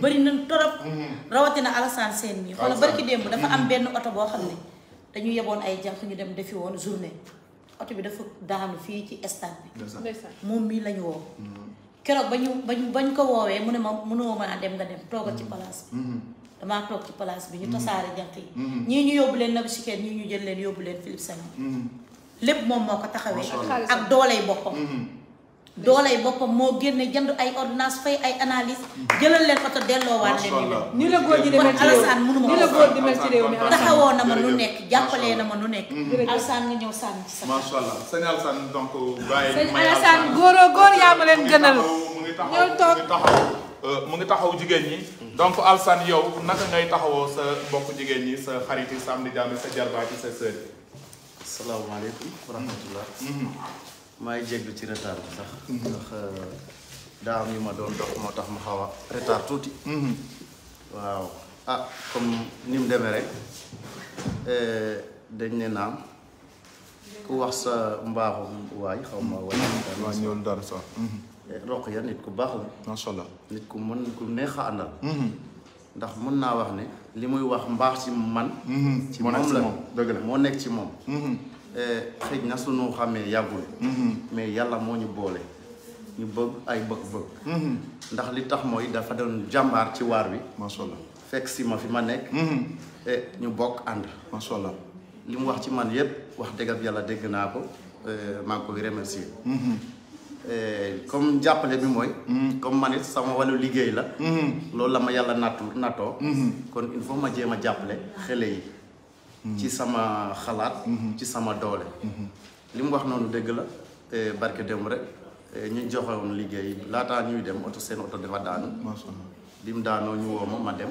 bëri nañ torop. Mhm. rawatina Alassane Sène mi xoolal barki démb dafa mhm. am benn oto boo xam ne dañu yeboon ay jànq ñu dem defi woon journée oto bi dafa daanu fii ci stade bi. moom mii lañu woo. keroog ba ñu ba ñu ko woowee mu ne ma mënoo mën a dem nga dem toogal ci place bi. damaa toog ci place bi. ñu tasaare jànq yi. ñii ñu yóbbu leen Nabi Chikeen ñii ñu jël leen yóbbu leen Philippe Sagna. lépp moom moo ko taxawee ak dooley boppam mm-hmm. dooley boppam moo génne jënd ay ordonnance fay ay analyse mm-hmm. jëlal leen oto delloowaat leen ni la góor di demee ci réew mi Alassane la góor di mel ci réew mi taxawoo na ma nu nekk jàppalee na ma nu nekk mm-hmm. Alassane nga ñëw sànni ci sa macha allah sëñ Alassane donc bàyyi sëñ Alassane góoroo góor yaa ma leen gënal ñëw toog mu ngi taxaw euh, jigéen ñi donc Alassane yow naka ngay taxawoo sa bokk jigéen ñi sa xarit yi sa am di jàmm sa jarbaat yi sa sœur asalaamaaleykum wa rahmatullah maa mm-hmm. ngi jéglu ci retard bi sax mm-hmm. ndax euh, daa am yu ma doon dox moo tax ma xaw a retard tuuti mm-hmm. waaw ah comme ni mu demee rek euh, dañ ne naam ku wax sa mbaaxum waay xaw ma waay waa ñëwul dara sax roq ya nit ku baax la macha allah nit ku mën ku neex a àndal ndax mën naa wax ne li muy wax mbaax ci man. Mhm. ci moom la dëgg la moo nekk ci moom. Mhm. Eh, xëy na su sunu xamee yàggul. Mhm. mais yàlla moo ñu boole. ñu bëgg ay bëgg-bëgg. ndax li tax mooy dafa doon jàmbaar ci waar wi. macha allah fekk si ma fi ma nekk. Eh, ñu bokk ànd. macha allah li mu wax ci man yépp wax dëgg yàlla dégg naa ko eh, maa ngi koy remercier. Eh, comme jàppale bi mooy. Mm-hmm. comme man it sama walu liggéey la. Mm-hmm. loolu la ma yàlla nattu nattoo. Mm-hmm. kon il faut ma jéem a jàppale xale yi. ci sama xalaat. ci sama doole. li mu wax noonu dëgg la barke dem rek eh, ñu joxewoon liggéey laataa ñuy dem oto seen oto dafa daanu. bi mu daanoo ñu woo ma ma dem.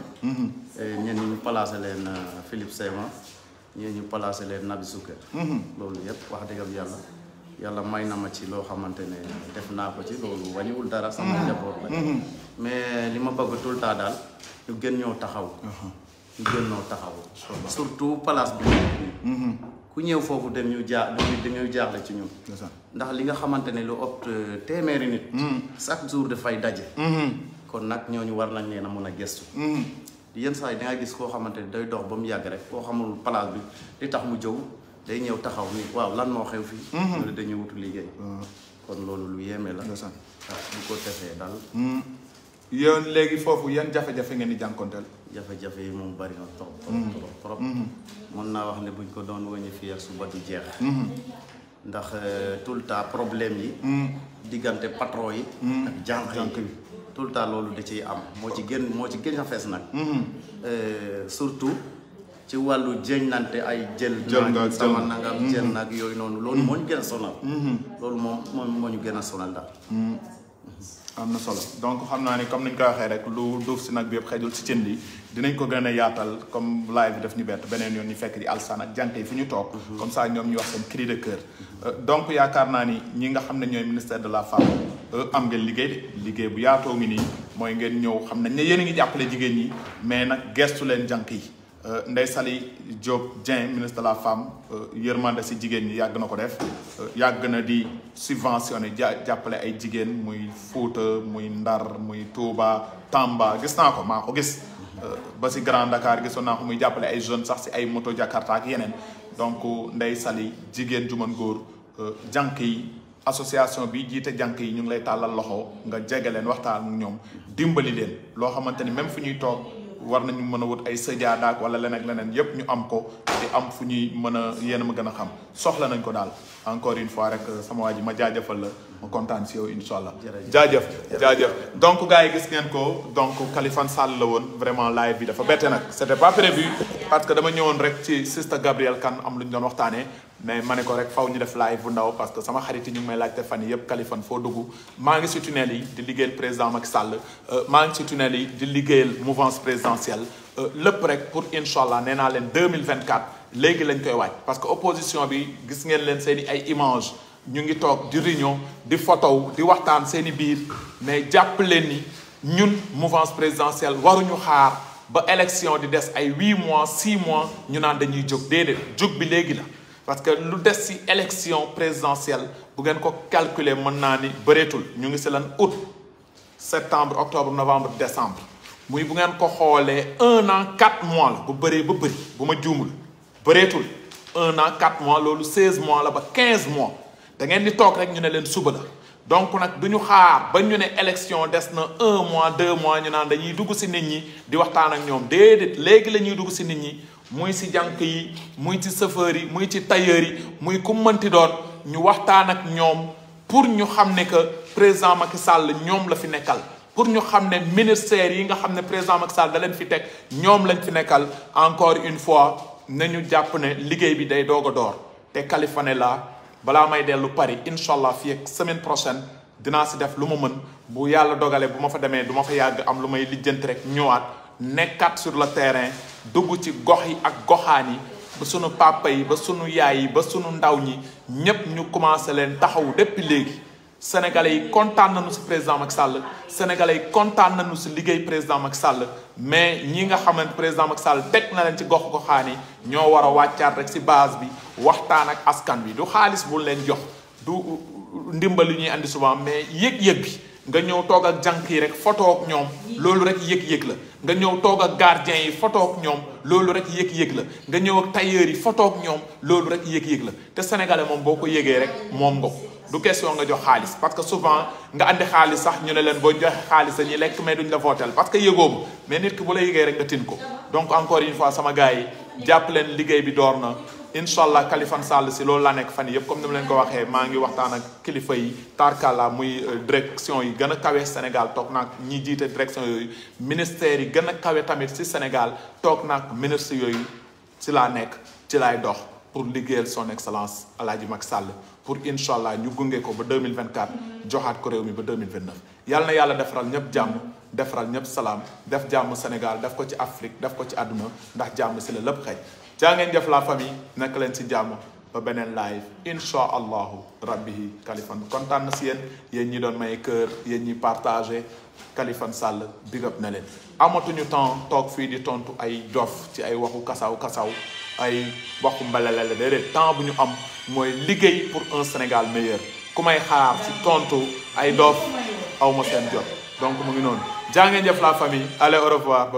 Eh, ñenn ñu placé leen euh, Philippe Seyma ñenn ñu placé leen Nabi Sukkër. loolu yëpp wax dëgg yàlla. yàlla may na ma ci loo xamante ne def naa ko ci loolu wàññiwul dara sama mm-hmm. njaboot la mm-hmm. mais li ma bëgg tout le daal ñu gën ñoo taxaw mm-hmm. ñu gën ñoo taxaw surtout place bi ku ñëw foofu dem ñu jaa dañuy jaaxle ci ñun ndax li nga xamante ne lu ëpp euh, téeméeri nit chaque jour dafay daje kon nag ñooñu war nañ leen a mën a gëstu yenn saa yi da gis koo xamante ne day dox ba mu yàgg rek koo xamul place bi li tax mu jëw day ñëw taxaw ni waaw lan moo xew fii. loolu mhm. dañuy wutu liggéey. Mhm. kon loolu lu yéeme la. ndeysaan ah, bu ko defee daal. Mhm. yoon léegi foofu yan jafe-jafe ngeen di jànkonteel. jafe-jafe yi moom bari na trop. trop trop mun naa wax ne buñ ko doon wëññi fii ak suba du jeex. ndax euh, tout le temps problème yi. diggante patron yi. ak jànq yi tout le temps loolu da ciy am. moo ci gën moo ci gën a fees nag. Euh, surtout. ci wàllu jëñlante ay jël nag sama nangam mm-hmm. jël nag yooyu noonu loolu mm-hmm. moo ñu gën a sonal mm-hmm. loolu moo moom moo ñu gën a sonal daal am na solo donc xam naa ni comme niñ koy waxee rek lu duuf si nag bi yëpp xejul si cin li dinañ ko gën a yaatal comme live bi daf ñu bett beneen yoon ñu fekk di alsaan ak jànk yi fi ñu toog comme ça ñoom ñu wax seen cri de cœur euh, donc yaakaar naa ni ñi nga xam ne ñooy ministère de la femme euh, am ngeen liggéey de liggéey bu yaatoo ngi nii mooy ngeen ñëw xam nañ ne yéen a ngi jàppale jigéen ñi mais nag gestu leen jànk yi Euh, Ndeye Saly Diop Dieng ministre de la femme euh, yërmande si jigéen ñi yàgg na ko def euh, yàgg na di subventionné jàppale ay jigéen muy Fouta muy Ndar muy Touba Tamba gis naa ko maa ko gis ba si Grand Dakar gisoon naa ko muy jàppale ay jeunes sax si ay moto Jakarta yeneen donc Ndeye Saly jigéen ju mën góor jànq yi association bi jiite jànq yi ñu ngi lay tàllal loxo nga jege leen waxtaan ak ñoom dimbali leen loo xamante ni même fu ñuy toog war nañu mën a wut ay sëjaadaak wala leneen leneen yépp ñu am ko di am fu ñuy mën a yéen ma gën a xam soxla nañ ko daal encore une fois rek euh, sama waa ji ma jaajëfal la ma kontaan si yow incha allah jaajëf jaajëf donc gaa yi gis ngeen ko donc Kaliphone Sall la woon vraiment live bi dafa bette nag c'était pas prévu parce que dama ñëwoon rek ci Sista Gabriel kan am lu ñu doon waxtaanee mais ma ne ko rek faw ñu def live bu ndaw parce que sama xarit yi ñu ngi may laajte fan yii yëpp Kaliphone foo dugg maa ngi si tunnel yi di liggéeyal président Macky Sall euh, maa ngi si tunnel yi di liggéeyal mouvance présidentielle euh, lépp rek pour incha allah nee naa leen 2024 léegi lañ koy waaj parce que opposition bi gis ngeen leen seeni ay image ñu ngi toog di réunion di photo di waxtaan seeni biir mais jàpp leen ni ñun mouvance présidentielle waruñu xaar ba élection di des ay 8 mois 6 mois ñu naan dañuy jóg déedéet jóg bi léegi la. parce que lu des ci élection présidentielle bu ngeen ko calculer mën naa ni bëreetul ñu ngi si leen août septembre octobre novembre décembre muy bu ngeen ko xoolee un an quatre mois la bu bëree ba bëri bu ma juumul bëreetul un an quatre mois loolu seize mois la ba quinze mois da ngeen di toog rek ñu ne leen suba la donc nag du ñu xaar ba ñu ne élection des na un mois deux mois ñu naan dañuy dugg si nit ñi di waxtaan ak ñoom déedéet léegi la ñuy dugg si nit ñi muy si jànq yi muy ci chauffeur yi muy ci tailleur yi muy ku mënti doon ñu waxtaan ak ñoom pour ñu xam ne que président Macky Sall ñoom la fi nekkal pour ñu xam ne ministère yi nga xam ne président Macky Sall da leen fi teg ñoom lañ fi nekkal encore une fois nañu jàpp ne liggéey bi day doog a door te Kaliphone la balaa may dellu Paris incha allah fii ak semaine prochaine dinaa si def lu ma mën bu yàlla dogalee bu ma fa demee du ma fa yàgg am lu may lijjant rek ñëwaat nekkaat sur le terrain dugg ci gox yi ak goxaan yi ba sunu papa yi ba suñu yaay yi ba suñu ndaw ñi ñépp ñu commencé leen taxawu depuis léegi sénégalais yi kontaan nañu si président Macky Sall sénégalais yi kontaan nañu si liggéey président Macky Sall mais ñi nga xamante président Macky Sall teg na leen ci gox goxaan yi ñoo war a wàccaat rek si base bi waxtaan ak askan bi du xaalis bu leen jox du ndimbali ñuy andi souvent mais yëg-yëg bi nga ñëw toog ak jànq yi rek photo ak ñoom loolu rek yëg-yëg la. nga ñëw toog ak gardien yi fotoog ñoom loolu rek yëg-yëg la nga ñëw ak tailleur yi fotoog ñoom loolu rek yëg-yëg la te sénégalais moom boo ko yëgee rek moom nga ko du question nga jox xaalis parce que souvent nga andi xaalis sax ñu ne leen boo joxe xaalis dañuy lekk mais duñ la votel parce que yëgoobu mais nit ki bu la yëgee rek nga tin ko donc encore une fois sama gars yi jàpp leen liggéey bi door na incha allah Kalifane Sall si loolu la nekk fan yëpp comme ni mu leen ko waxee maa ngi waxtaan ak kilifa yi tarkala muy euh, direction yi gën a kawe Sénégal toog naa ñi jiite direction yooyu ministères yi gën a kawe tamit si Sénégal toog naag ministre yooyu ci laa nekk ci laay dox pour liggéeyal son excellence El Hadj Macky sàll pour incha allah ñu gunge ko ba mille 2024 joxaat ko réew mi ba 2029 yàlla na yàlla defaral ñëpp jàmm defaral ñëpp salaam def jàmm Sénégal def ko ci Afrique def ko ci àdduna ndax jàmm si la lépp xëy jaa ngeen jëf la famille nekk leen si jàmm ba beneen live insha allahu rabbihi Kaliphone kontaan na si yéen yéen ñi doon may kër yéen ñi partagé Kaliphone Sall bigab na leen amatuñu temps toog fii di tontu ay dof ci ay waxu kasaw kasaw ay waxu mbalalala déedéet temps bu ñu am mooy liggéey pour un Sénégal meilleur ku may xaar ci tontu ay dof awma seen jot donc mu ngi noonu jaa ngeen la famille allez au revoir